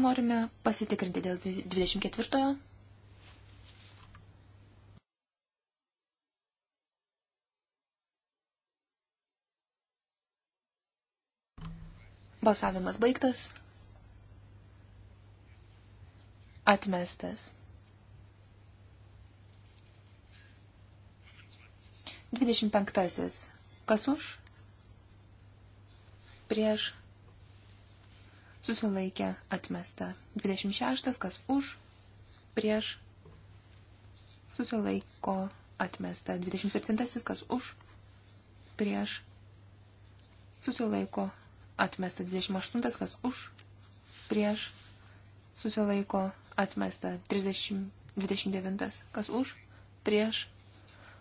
Norime pasitikrinti dėl 24. Balsavimas baigtas. Atmestas. 25. Kas už? Prieš. Susilaikė atmesta. 26. Kas už? Prieš. Susilaiko atmesta. 27. Kas už? Prieš. Susilaiko atmesta. 28. Kas už? Prieš. Susilaiko atmesta. 30. 29. Kas už? Prieš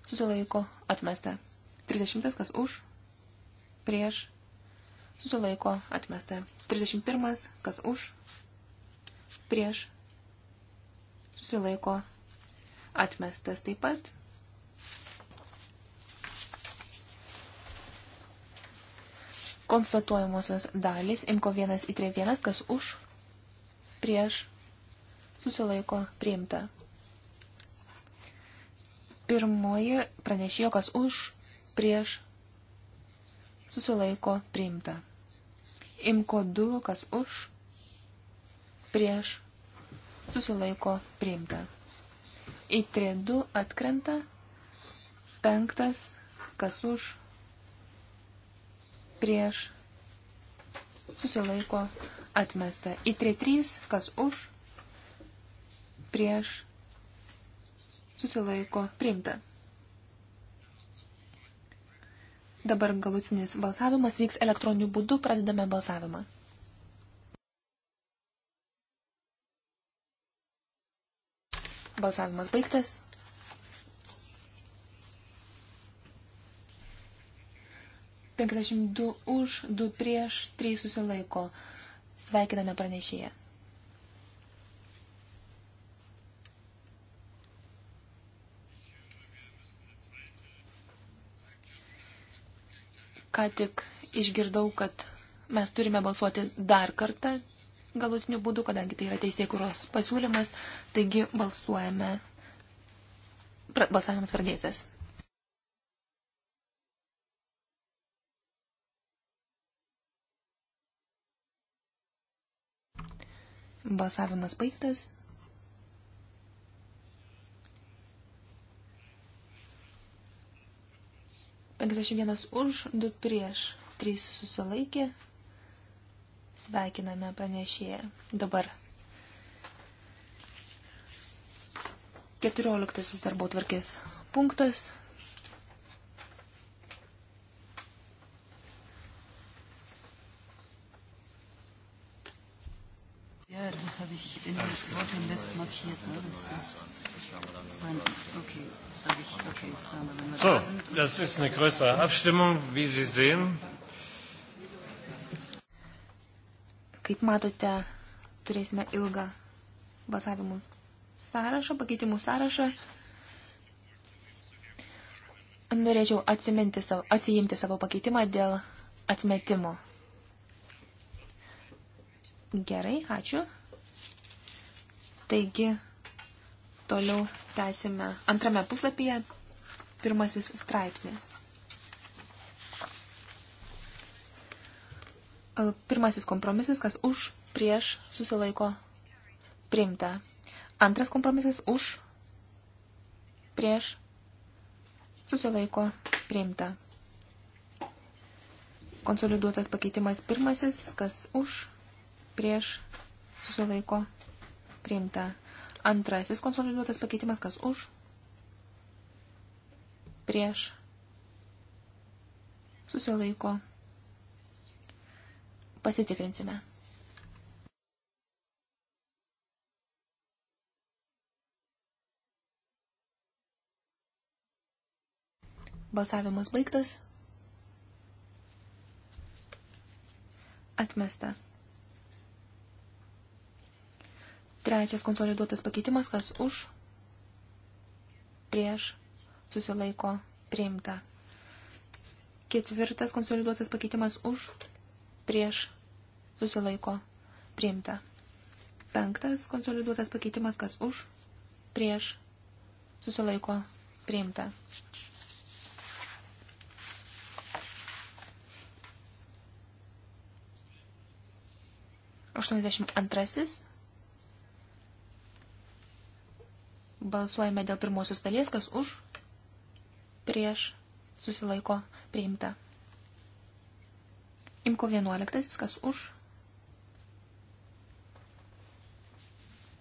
susilaiko atmesta. 30 kas už, prieš, susilaiko atmesta. 31 kas už, prieš, susilaiko atmestas taip pat. Konstatuojamosios dalys imko 1 į 3 1, kas už, prieš, susilaiko priimta. Pirmoji pranešėjo, kas už, prieš, susilaiko priimta. Imko 2, kas už, prieš, susilaiko priimta. Į 3, 2 atkrenta, penktas, kas už, prieš, susilaiko atmesta. Į 3, 3, kas už, prieš, susilaiko priimta. Dabar galutinis balsavimas vyks elektroniniu būdu, pradedame balsavimą. Balsavimas baigtas. Penkiasdešimt du už, du prieš, trys susilaiko. Sveikiname pranešėją. Ką tik išgirdau, kad mes turime balsuoti dar kartą galutiniu būdu, kadangi tai yra teisėkuros pasiūlymas, taigi balsuojame, pra, balsavimas pradėtas. Balsavimas baigtas. 51 už, 2 prieš, 3 susilaikė. Sveikiname pranešėją. Dabar 14 darbo tvarkės punktas. Ja, das habe ich in das Wort im letzten markiert. Ne? Das ist So, das ist eine größere Abstimmung, wie Sie sehen. Kaip matote, turėsime ilgą balsavimų sąrašą, pakeitimų sąrašą. Norėčiau atsiminti savo, atsijimti savo pakeitimą dėl atmetimo. Gerai, ačiū. Taigi, Toliau tęsime antrame puslapyje pirmasis straipsnis. E, pirmasis kompromisas, kas už, prieš, susilaiko, priimta. Antras kompromisas už, prieš, susilaiko, priimta. Konsoliduotas pakeitimas pirmasis, kas už, prieš, susilaiko, priimta. Antrasis konsoliduotas pakeitimas, kas už, prieš, susilaiko. Pasitikrinsime. Balsavimas baigtas. Atmesta. Trečias konsoliduotas pakeitimas, kas už, prieš, susilaiko, priimta. Ketvirtas konsoliduotas pakeitimas už, prieš, susilaiko, priimta. Penktas konsoliduotas pakeitimas, kas už, prieš, susilaiko, priimta. Aštuoniasdešimt antrasis Balsuojame dėl pirmosios dalies, kas už, prieš, susilaiko, priimta. Imko 11, kas už,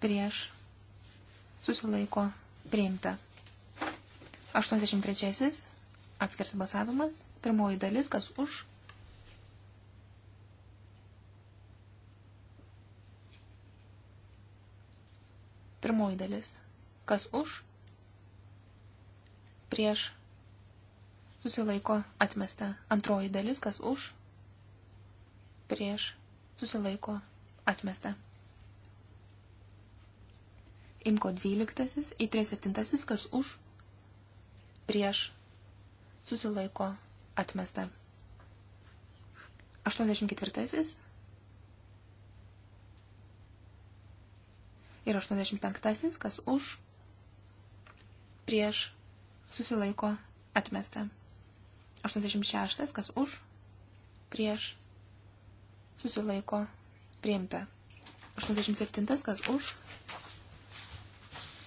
prieš, susilaiko, priimta. 83. Atskirs balsavimas, pirmoji dalis, kas už, pirmoji dalis. Kas už? Prieš. Susilaiko atmesta. Antroji dalis. Kas už? Prieš. Susilaiko atmesta. Imko 12. Į 37. Kas už? Prieš. Susilaiko atmesta. 84. ir 85, kas už, prieš susilaiko atmesta. 86. Kas už, prieš susilaiko priimta. 87. Kas už,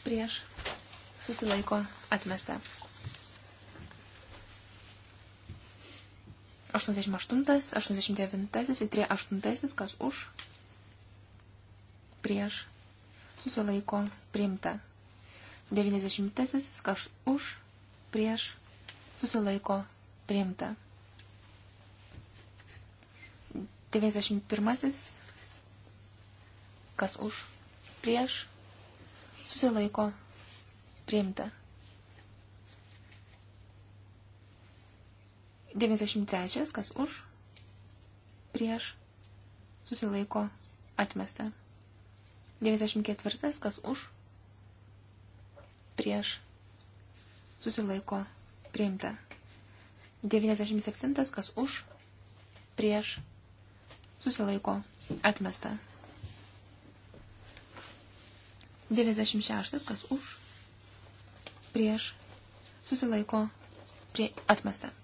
prieš susilaiko atmesta. 88, 89 ir 38, kas už, prieš, susilaiko, priimta. 90 kas už, prieš, susilaiko, priimta. 91 kas už, prieš, susilaiko, priimta. 93 kas už, prieš, susilaiko, atmesta. 94 kas už, prieš susilaiko priimta. 97. Kas už prieš susilaiko atmesta. 96. Kas už prieš susilaiko prie atmesta.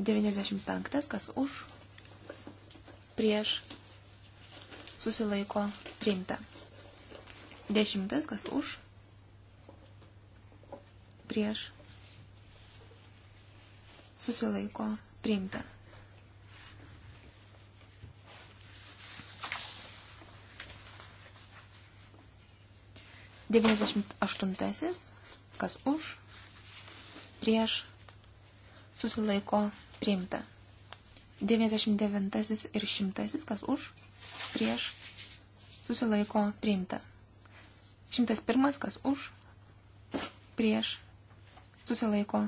95. Kas už prieš susilaiko priimta. Dešimtas, kas už, prieš, susilaiko, priimta. Devyniasdešimt aštuntasis, kas už, prieš, susilaiko, priimta. 99 ir 100, kas už, prieš, susilaiko priimta. Šimtas pirmas, kas už, prieš, susilaiko,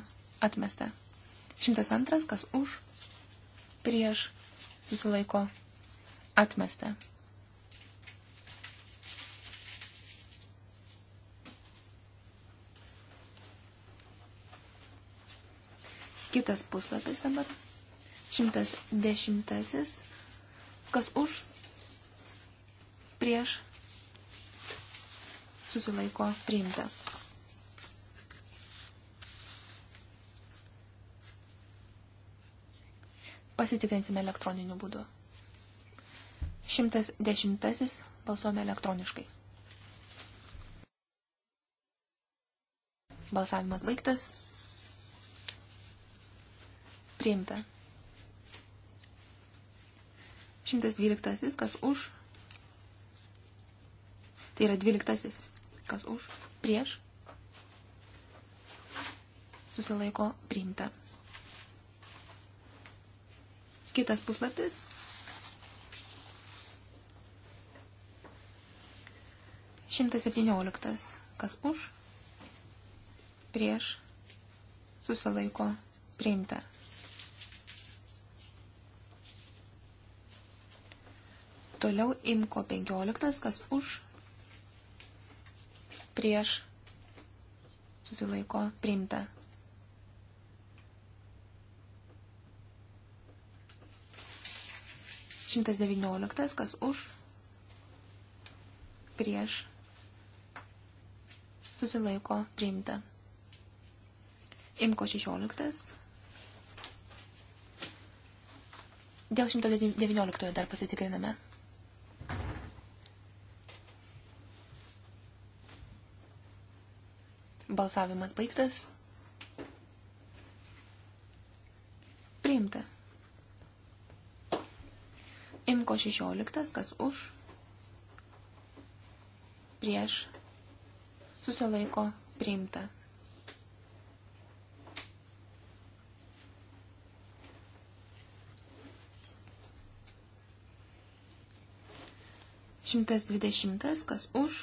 atmesta. Šimtas antras, kas už, prieš, susilaiko, atmesta. Kitas puslapis dabar. 110. Kas už, prieš, susilaiko priimta. Pasitikrinsime elektroniniu būdu. 110 balsuojame elektroniškai. Balsavimas baigtas. Priimta. 112, kas už. Tai yra 12. Kas už? Prieš? Susilaiko priimta. Kitas puslapis. Šimtas septynioliktas. Kas už? Prieš? Susilaiko priimta. Toliau imko 15, kas už prieš susilaiko priimta. Šimtas devynioliktas, kas už, prieš susilaiko priimta. Imko 16. Dėl 119 dar pasitikriname. Balsavimas baigtas. Priimta. Imko 16, kas už, prieš, susilaiko, priimta. Šimtas dvidešimtas, kas už,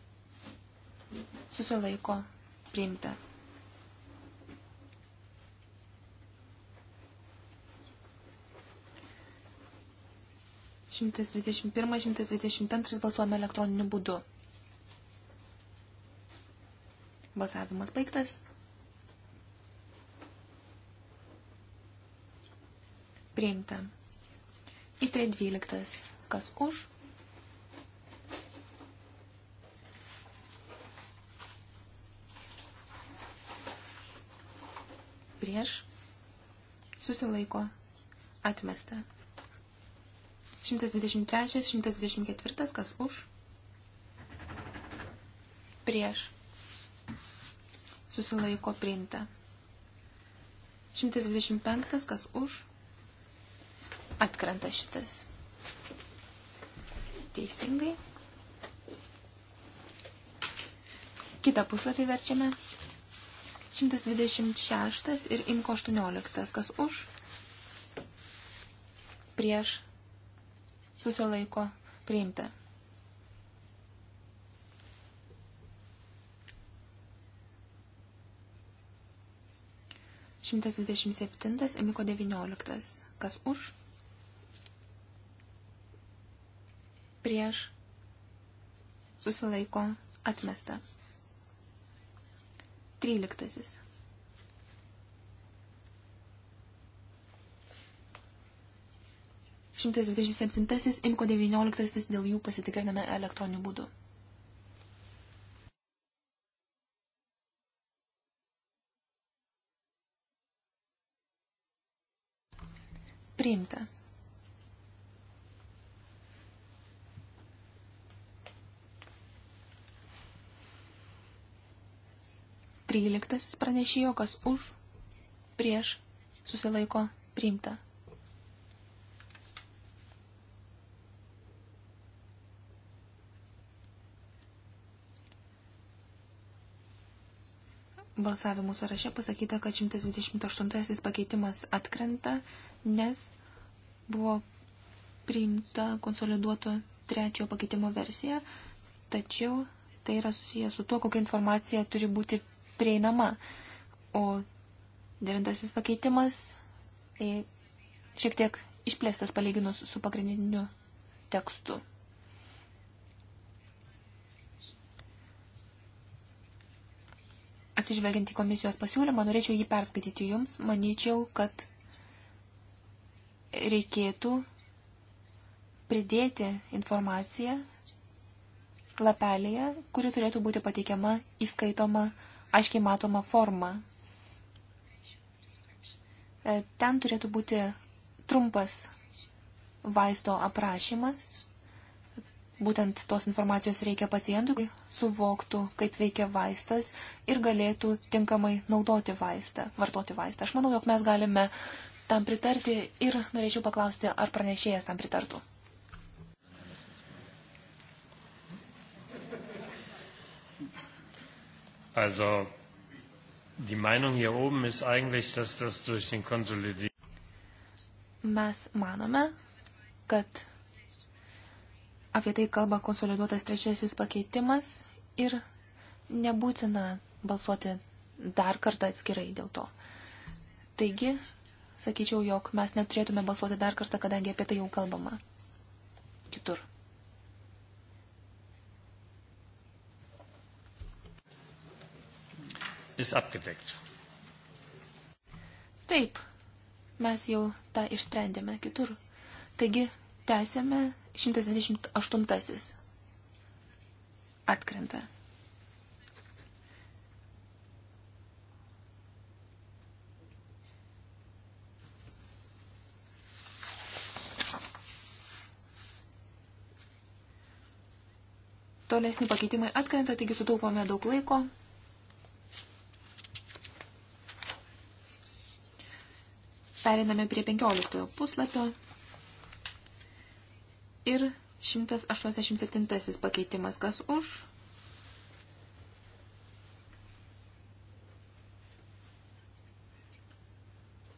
susilaiko priimta. Šimtas dvidešimt pirmas, šimtas dvidešimt antras balsuojame elektroniniu būdu. Balsavimas baigtas. Priimta. Į 3.12. Kas už? prieš, susilaiko, atmesta. 123, 124, kas už, prieš, susilaiko, priimta. 125, kas už, atkrenta šitas. Teisingai. Kitą puslapį verčiame. 126 ir imko 18. Kas už? Prieš. Susilaiko. Priimta. Šimtas dvidešimt septintas, imiko devynioliktas. Kas už? Prieš. Susilaiko. Atmesta. 13. Šimtas dvidešimt septintasis, imko devynioliktasis, dėl jų pasitikriname elektroniniu būdu. Priimta. 13 pranešėjo, kas už, prieš, susilaiko, priimta. Balsavimų sąraše pasakyta, kad 128 pakeitimas atkrenta, nes buvo priimta konsoliduoto trečiojo pakeitimo versija, tačiau tai yra susijęs su tuo, kokia informacija turi būti prieinama. O devintasis pakeitimas e, šiek tiek išplėstas palyginus su pagrindiniu tekstu. Atsižvelgiant į komisijos pasiūlymą, norėčiau jį perskaityti jums. Manyčiau, kad reikėtų pridėti informaciją lapelėje, kuri turėtų būti pateikiama įskaitoma, aiškiai matoma forma. E, ten turėtų būti trumpas vaisto aprašymas. Būtent tos informacijos reikia pacientui, suvoktų, kaip veikia vaistas ir galėtų tinkamai naudoti vaistą, vartoti vaistą. Aš manau, jog mes galime tam pritarti ir norėčiau paklausti, ar pranešėjas tam pritartų. Also die Meinung hier oben ist eigentlich, dass das durch den Konsolidierung. Mes manome, kad apie tai kalba konsoliduotas trečiasis pakeitimas ir nebūtina balsuoti dar kartą atskirai dėl to. Taigi, sakyčiau, jog mes neturėtume balsuoti dar kartą, kadangi apie tai jau kalbama kitur. ist abgedeckt. Taip, mes jau tą išsprendėme kitur. Taigi, tęsėme 128. Atkrenta. Tolesni pakeitimai atkrenta, taigi sutaupome daug laiko. Periname prie 15 puslapio ir 187 pakeitimas kas už.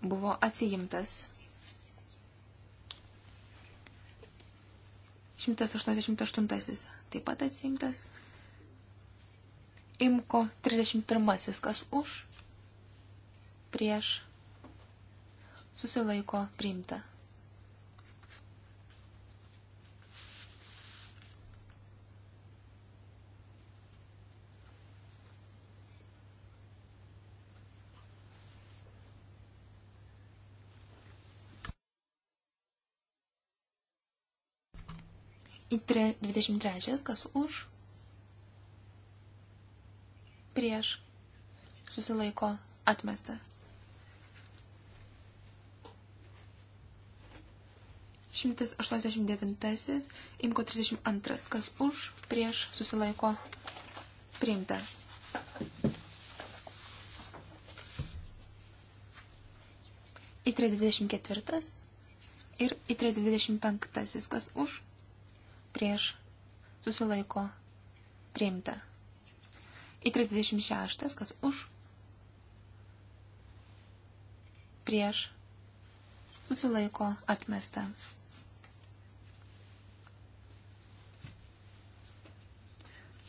Buvo atsijimtas. 188 taip pat atsijimtas. Imko 31 kas už. Prieš susilaiko priimta. Į 23, kas už, prieš, susilaiko atmesta. 189, imko 32, kas už, prieš, susilaiko, priimta. Į 324 ir į 325, kas už, prieš, susilaiko, priimta. Į 326, kas už, prieš, susilaiko, atmesta.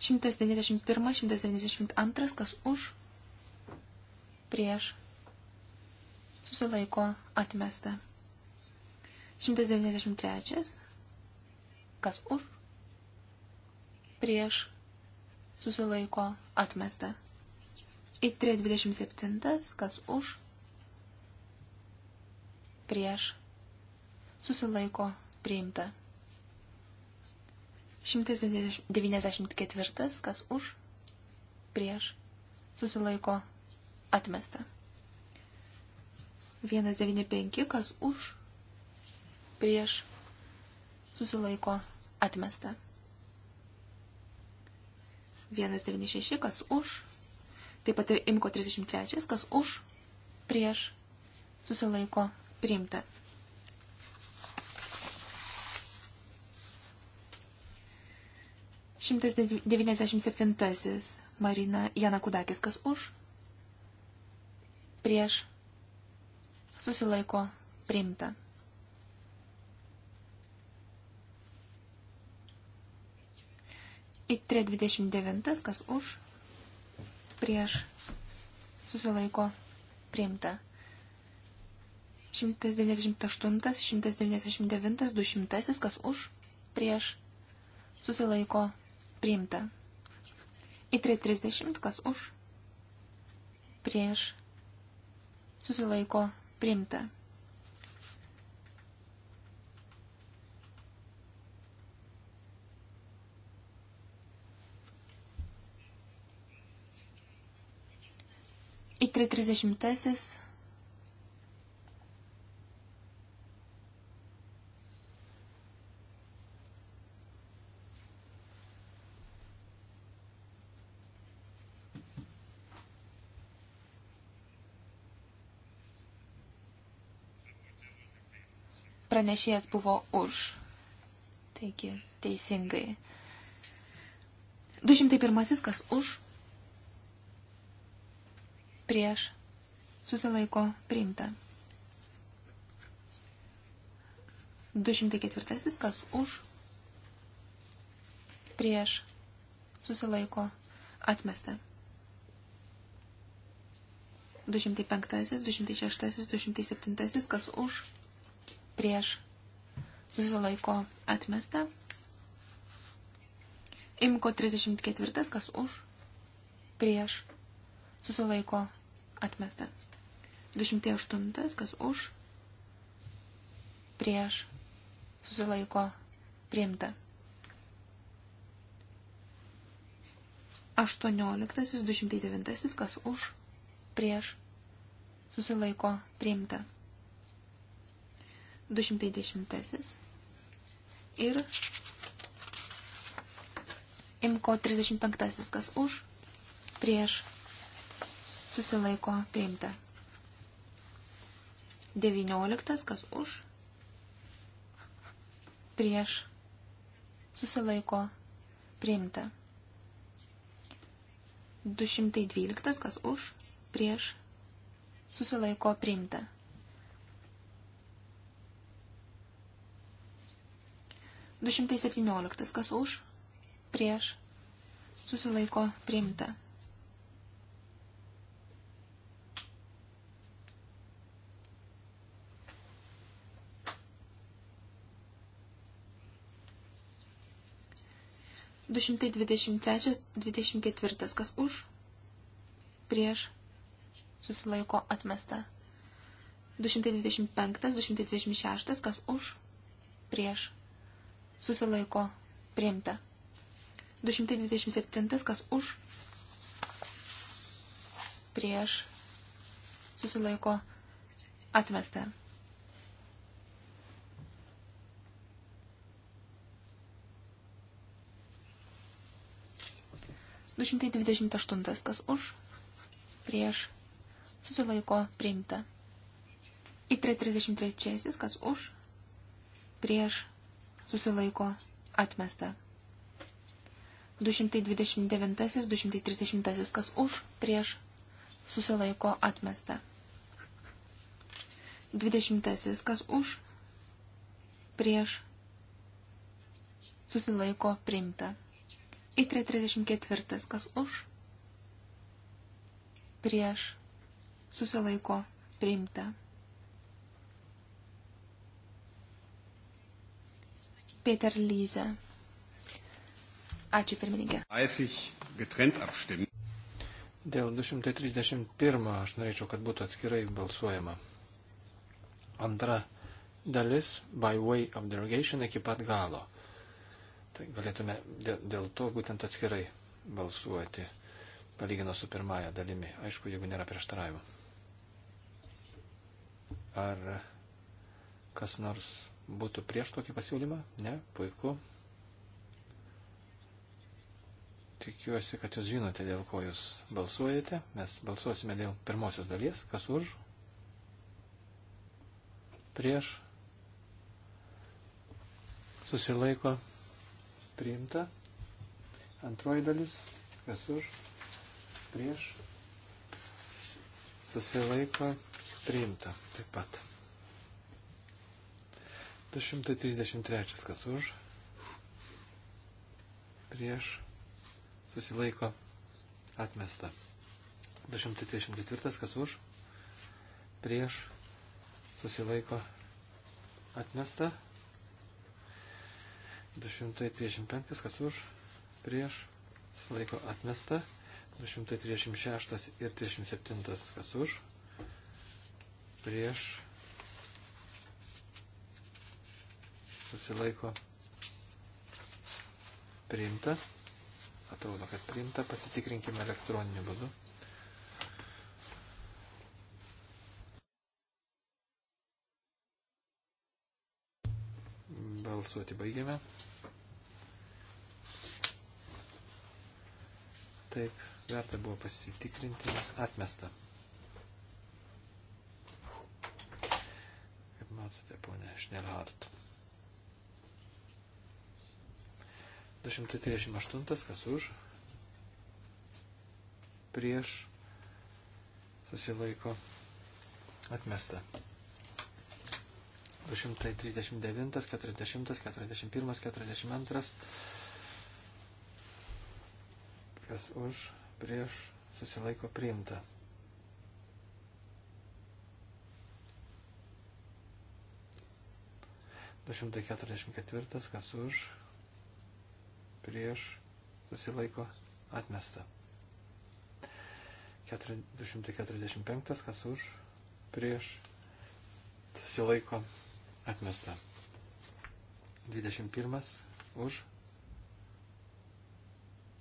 191, 192, kas už, prieš, susilaiko atmesta. 193, kas už, prieš, susilaiko atmesta. Į 327, kas už, prieš, susilaiko priimta. 194, kas už, prieš, susilaiko, atmesta. 195, kas už, prieš, susilaiko, atmesta. 196, kas už, taip pat ir imko 33, kas už, prieš, susilaiko, priimta. 197. Marina Janakudakis, kas už? Prieš. Susilaiko priimta. Į 329, kas už? Prieš. Susilaiko priimta. 198, 199, 200, kas už? Prieš. Susilaiko priimta priimta. Į 30, kas už, prieš, susilaiko, priimta. Į 30, pranešėjas buvo už. Taigi, teisingai. 201. Kas už? Prieš. Susilaiko priimta. 204. Kas už? Prieš. Susilaiko atmesta. 205, 206, 207, kas už, prieš susilaiko atmesta. Imko 34, kas už, prieš susilaiko atmesta. 208, kas už, prieš susilaiko priimta. 18, 209, kas už, prieš, susilaiko, priimta. 210 ir imko 35, kas už, prieš, susilaiko priimta. 19, kas už, prieš, susilaiko priimta. 212, kas už, prieš, susilaiko priimta. 217. Kas už? Prieš. Susilaiko priimta. Du šimtai dvidešimt trečias, dvidešimt ketvirtas. Kas už? Prieš. Susilaiko atmesta. 225, 226, kas už, prieš, susilaiko priimta. 227, kas už, prieš, susilaiko atmesta. Du šimtai dvidešimt aštuntas, kas už, prieš, susilaiko priimta. Į 33, kas už, prieš, susilaiko atmesta. 229, 230, kas už, prieš, susilaiko atmesta. 20, kas už, prieš, susilaiko priimta. Į 34, kas už, prieš, susilaiko priimta. Peter Lyze. Ačiū pirmininkė. Dėl 231 aš norėčiau, kad būtų atskirai balsuojama. Antra dalis by way of derogation iki pat galo. Tai galėtume dėl, dėl to būtent atskirai balsuoti, palyginus su pirmąją dalimi, aišku, jeigu nėra prieštaravimų. Ar kas nors būtų prieš tokį pasiūlymą? Ne, puiku. Tikiuosi, kad jūs žinote, dėl ko jūs balsuojate. Mes balsuosime dėl pirmosios dalies. Kas už? Prieš. Susilaiko. Priimta. Antroji dalis. Kas už? Prieš. Susilaiko. Priimta. Taip pat. 233 kas už, prieš, susilaiko, atmesta. 234 kas už, prieš, susilaiko, atmesta. 235 kas už, prieš, susilaiko, atmesta. 236 ir 37 kas už, prieš, susilaiko priimta. Atrodo, kad priimta. Pasitikrinkime elektroniniu būdu. Balsuoti baigiame. Taip, verta buvo pasitikrinti, nes atmesta. Kaip matote, ponė Šnerhart. 238, kas už, prieš, susilaiko, atmesta. 239, 40, 41, 42, kas už, prieš, susilaiko, priimta. Du šimtai keturiasdešimt ketvirtas, kas už, prieš susilaiko atmesta. 245, kas už, prieš, susilaiko, atmesta. 21, už,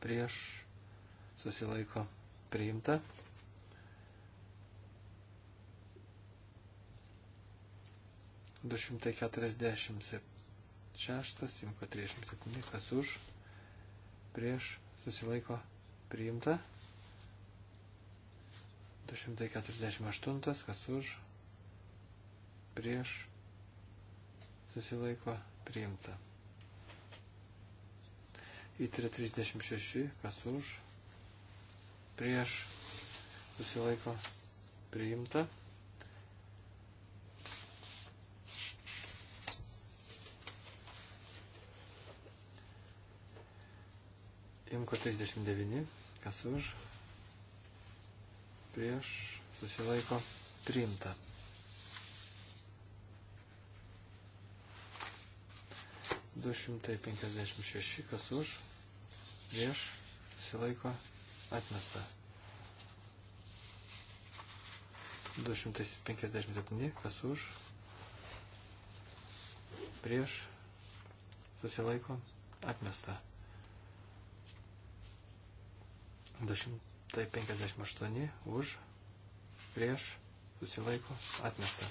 prieš, susilaiko, priimta. Du šimtai keturiasdešimt šeštas, imko trisdešimt septyni, kas už, prieš susilaiko priimta. 248, kas už, prieš, susilaiko, priimta. Į 36, kas už, prieš, susilaiko, priimta. Imko 39, kas už, prieš, susilaiko, priimta. Du šimtai penkiasdešimt šeši, kas už, prieš, susilaiko, atmesta. 257, kas už, prieš, susilaiko, atmesta. 258 už, prieš, susilaiko, atmesta.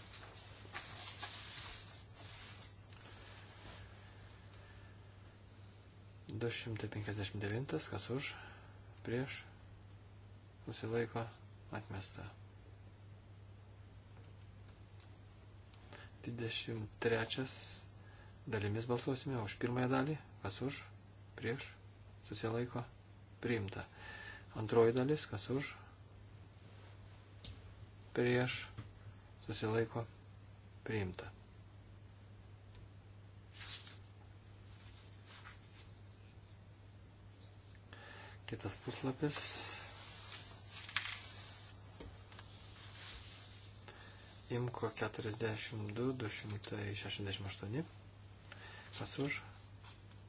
Du šimtai penkiasdešimt devintas, kas už, prieš, susilaiko, atmesta. Dvidešimt trečias dalimis balsuosime už pirmąją dalį, kas už, prieš, susilaiko, priimta. Antroji dalis, kas už, prieš, susilaiko, priimta. Kitas puslapis. Imko 42, 268. Kas už,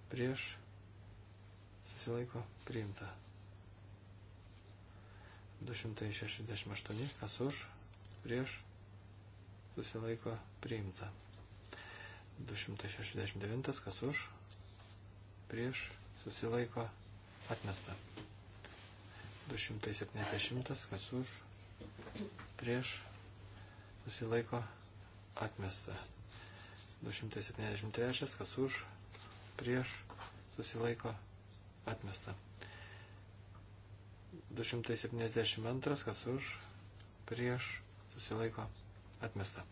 prieš, susilaiko, priimta. 268, kas už, prieš, susilaiko priimta. 269, kas už, prieš, susilaiko atmesta. 270, kas už, prieš, susilaiko atmesta. 273, kas už, prieš, susilaiko atmesta. 272, kas už, prieš, susilaiko, atmesta.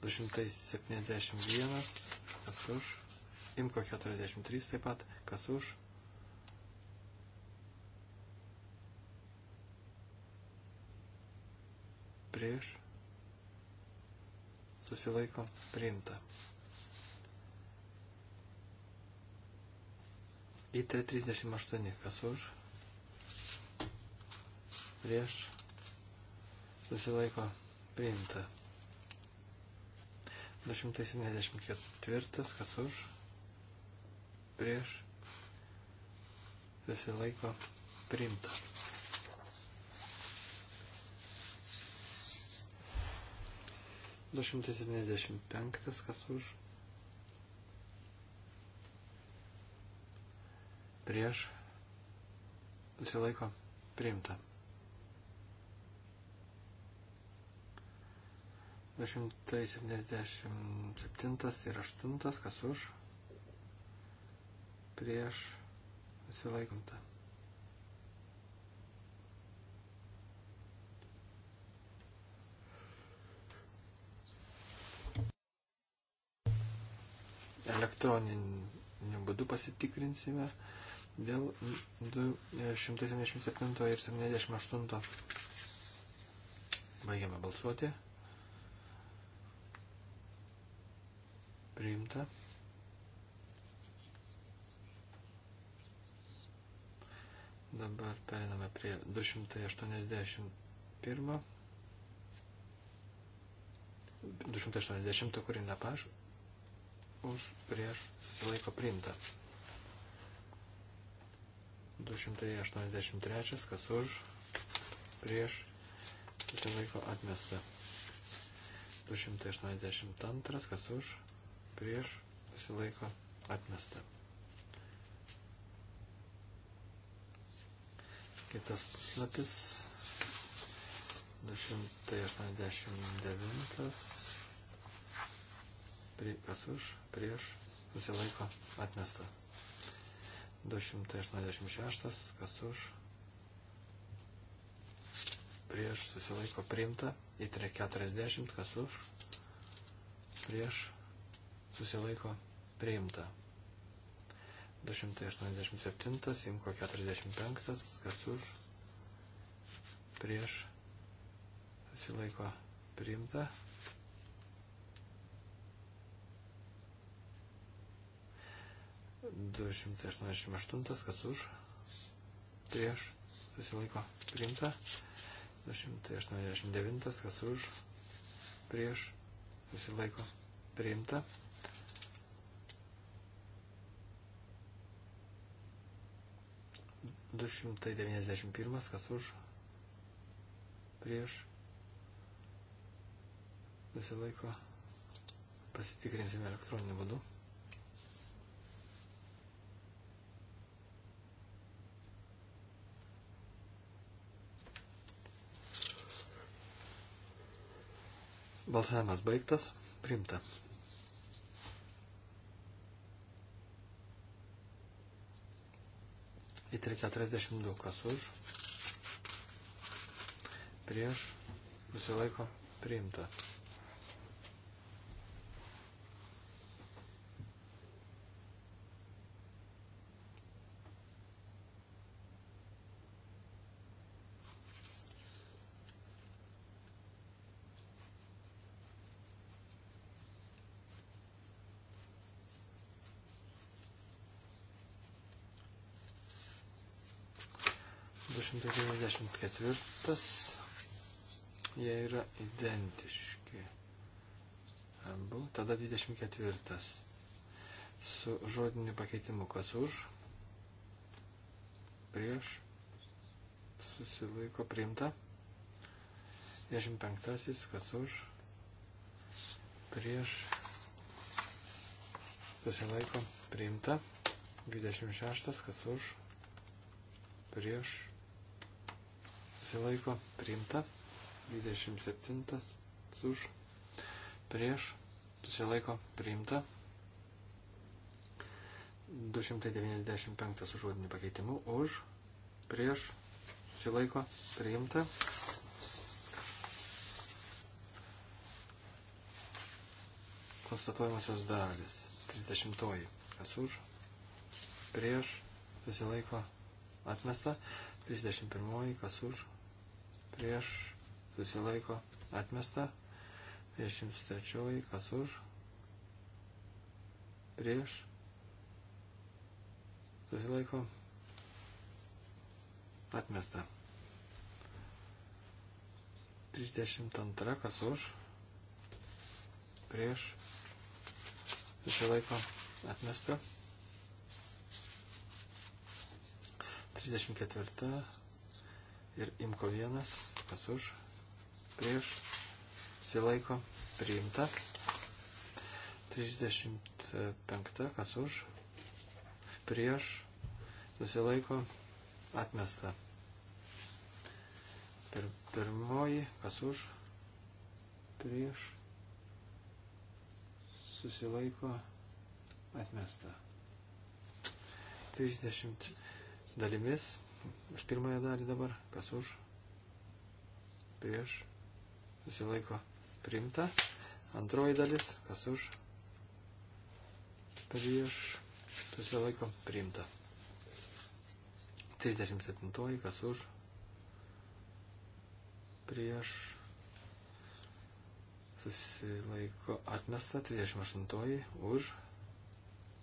271, kas už, imko 43 taip pat, kas už. Prieš, susilaiko, priimta. IT38, kas už prieš susilaiko priimta. 274, kas už, prieš susilaiko priimta. Du šimtai septyniasdešimt penktas, kas už, prieš, susilaiko priimta. 277 ir 8, kas už, prieš susilaikantą. Elektroniniu būdu pasitikrinsime dėl 277 ir 78. Baigiame balsuoti. priimta. Dabar periname prie 281. 280, kurį nepaš, už prieš laiko priimta. 283, kas už, prieš, susilaiko atmesta. 282, kas už, prieš, susilaiko atmesta. Kitas lapis 289 kas už, prieš, susilaiko, atmesta. 286, kas už, prieš, susilaiko, priimta. Į 340, kas už, prieš, susilaiko priimta. 287, Simko 45, kas už, prieš, susilaiko priimta. Du šimtai aštuoniasdešimt aštuntas, kas už, prieš, susilaiko priimta. Du šimtai aštuoniasdešimt devintas, kas už, prieš, susilaiko priimta. 291, kas už, prieš, visi laiko, pasitikrinsime elektroninį būdų. Balsavimas baigtas, primta. į 342, kas už, prieš, susilaiko priimta. 294. Jie yra identiški. Abu. Tada 24. Su žodiniu pakeitimu. Kas už? Prieš. Susilaiko priimta. 25. Kas už? Prieš. Susilaiko priimta. 26. Kas už? Prieš susilaiko priimta. 27 už prieš susilaiko priimta. 295 su žodiniu pakeitimu už prieš susilaiko priimta. Konstatuojamosios dalis 30. Kas už prieš susilaiko atmesta. 31. Kas už prieš susilaiko atmesta. 53 kas už prieš susilaiko atmesta. 32 kas už prieš susilaiko atmesta. 34 ir imko vienas, kas už, prieš, silaiko, priimta. 35, kas už, prieš, susilaiko, atmesta. Pir, pirmoji, kas už, prieš, susilaiko, atmesta. 30 dalimis, už pirmąją dalį dabar, kas už, prieš, susilaiko primta. Antroji dalis, kas už, prieš, susilaiko primta. 37, kas už, prieš, susilaiko atmesta. 38, už,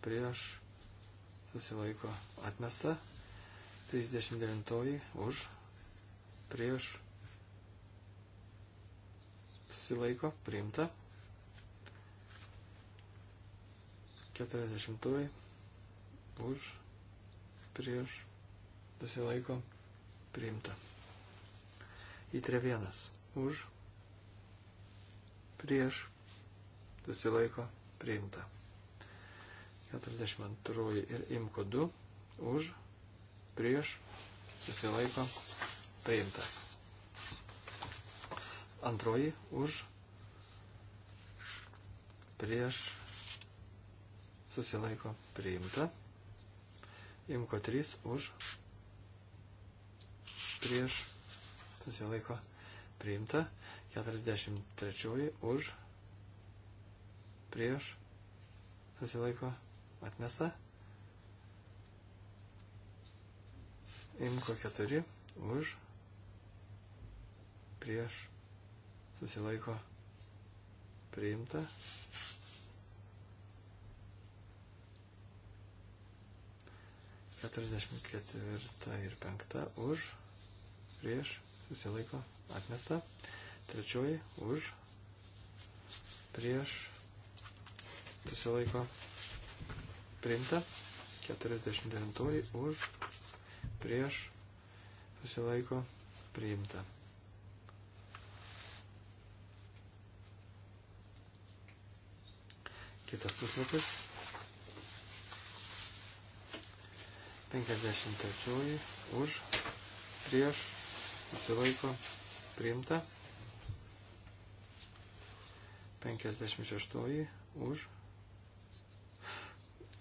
prieš, susilaiko atmesta. 39 už, prieš, susilaiko, priimta. 40 už, prieš, susilaiko, priimta. Į trevienas už, prieš, susilaiko, priimta. 42 ir imko 2 už, prieš prieš, susilaiko, priimta. Antroji už, prieš, susilaiko, priimta. Imko 3 už, prieš, susilaiko, priimta. 43 už, prieš, susilaiko, atmesta. Imko 4 už prieš susilaiko priimta. Keturiasdešimt ketvirta ir penkta už prieš susilaiko atmesta. Trečioji už prieš susilaiko priimta. 49 už prieš, susilaiko, priimta. Kitas puslapis. 53 už, prieš, susilaiko, priimta. 56 už.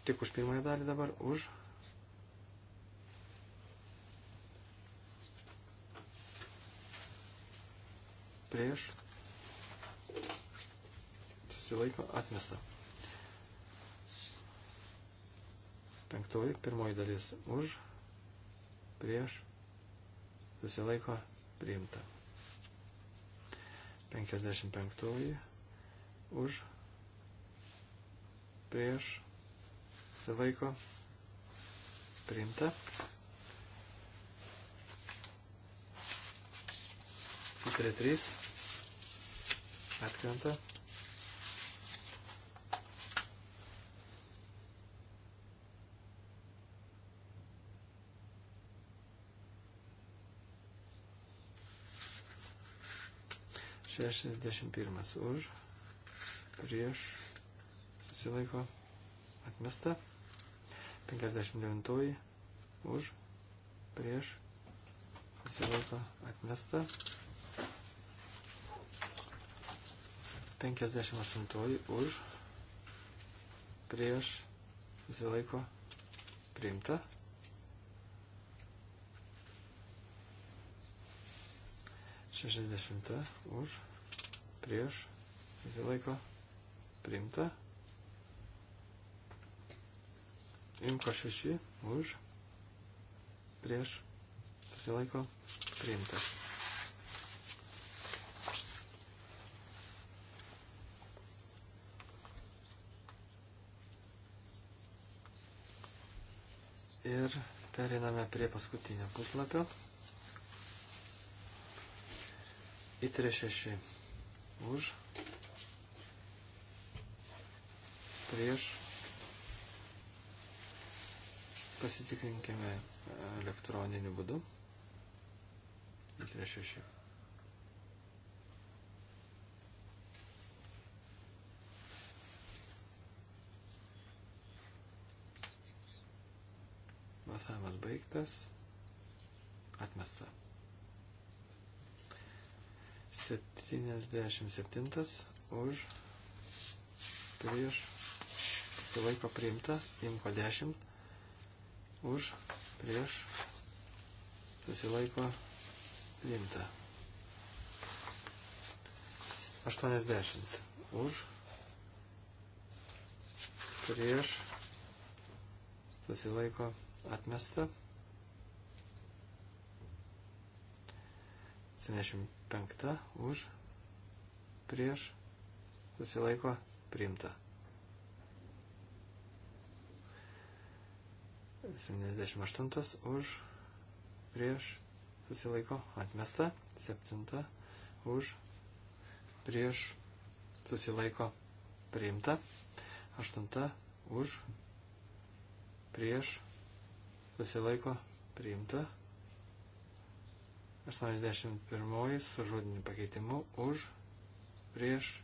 Tik už pirmąją dalį dabar už prieš, susilaiko atmesta. Penktoji, pirmoji dalis už, prieš, susilaiko priimta. 55 už, prieš, susilaiko priimta. Prie 3 atkrenta. Šešiasdešimt pirmas už, prieš, susilaiko, atmesta. Penkiasdešimt devintoji už, prieš, susilaiko, atmesta. 58 už, prieš, susilaiko, priimta. Šešiasdešimta už, prieš, susilaiko, priimta. Imko šeši už, prieš, susilaiko, priimta. Ir periname prie paskutinio puslapio. Įtrė šeši už, prieš, pasitikrinkime elektroniniu būdu. Įtrė šeši. Balsavimas baigtas. Atmesta. 77 už prieš laiko priimta, imko 10 už prieš susilaiko priimta. 80 už prieš susilaiko priimta atmesta. 75 už, prieš, susilaiko, priimta. 78 už, prieš, susilaiko, atmesta. 7 už, prieš, susilaiko, priimta. 8 už, prieš, susilaiko priimta. 81 su žodiniu pakeitimu už, prieš,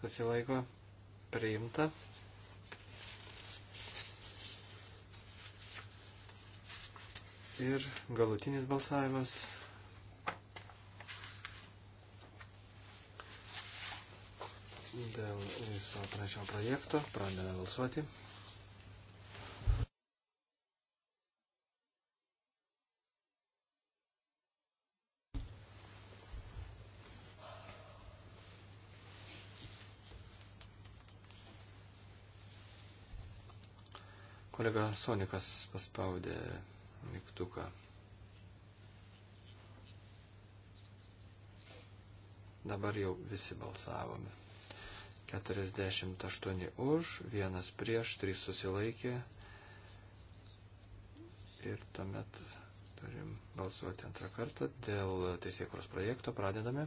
susilaiko priimta. Ir galutinis balsavimas. Dėl viso pranešimo projekto pradedame balsuoti. Kolega Sonikas paspaudė mygtuką. Dabar jau visi balsavome. 48 už, vienas prieš, trys susilaikė. Ir tuomet turim balsuoti antrą kartą dėl teisėkros projekto. Pradedame.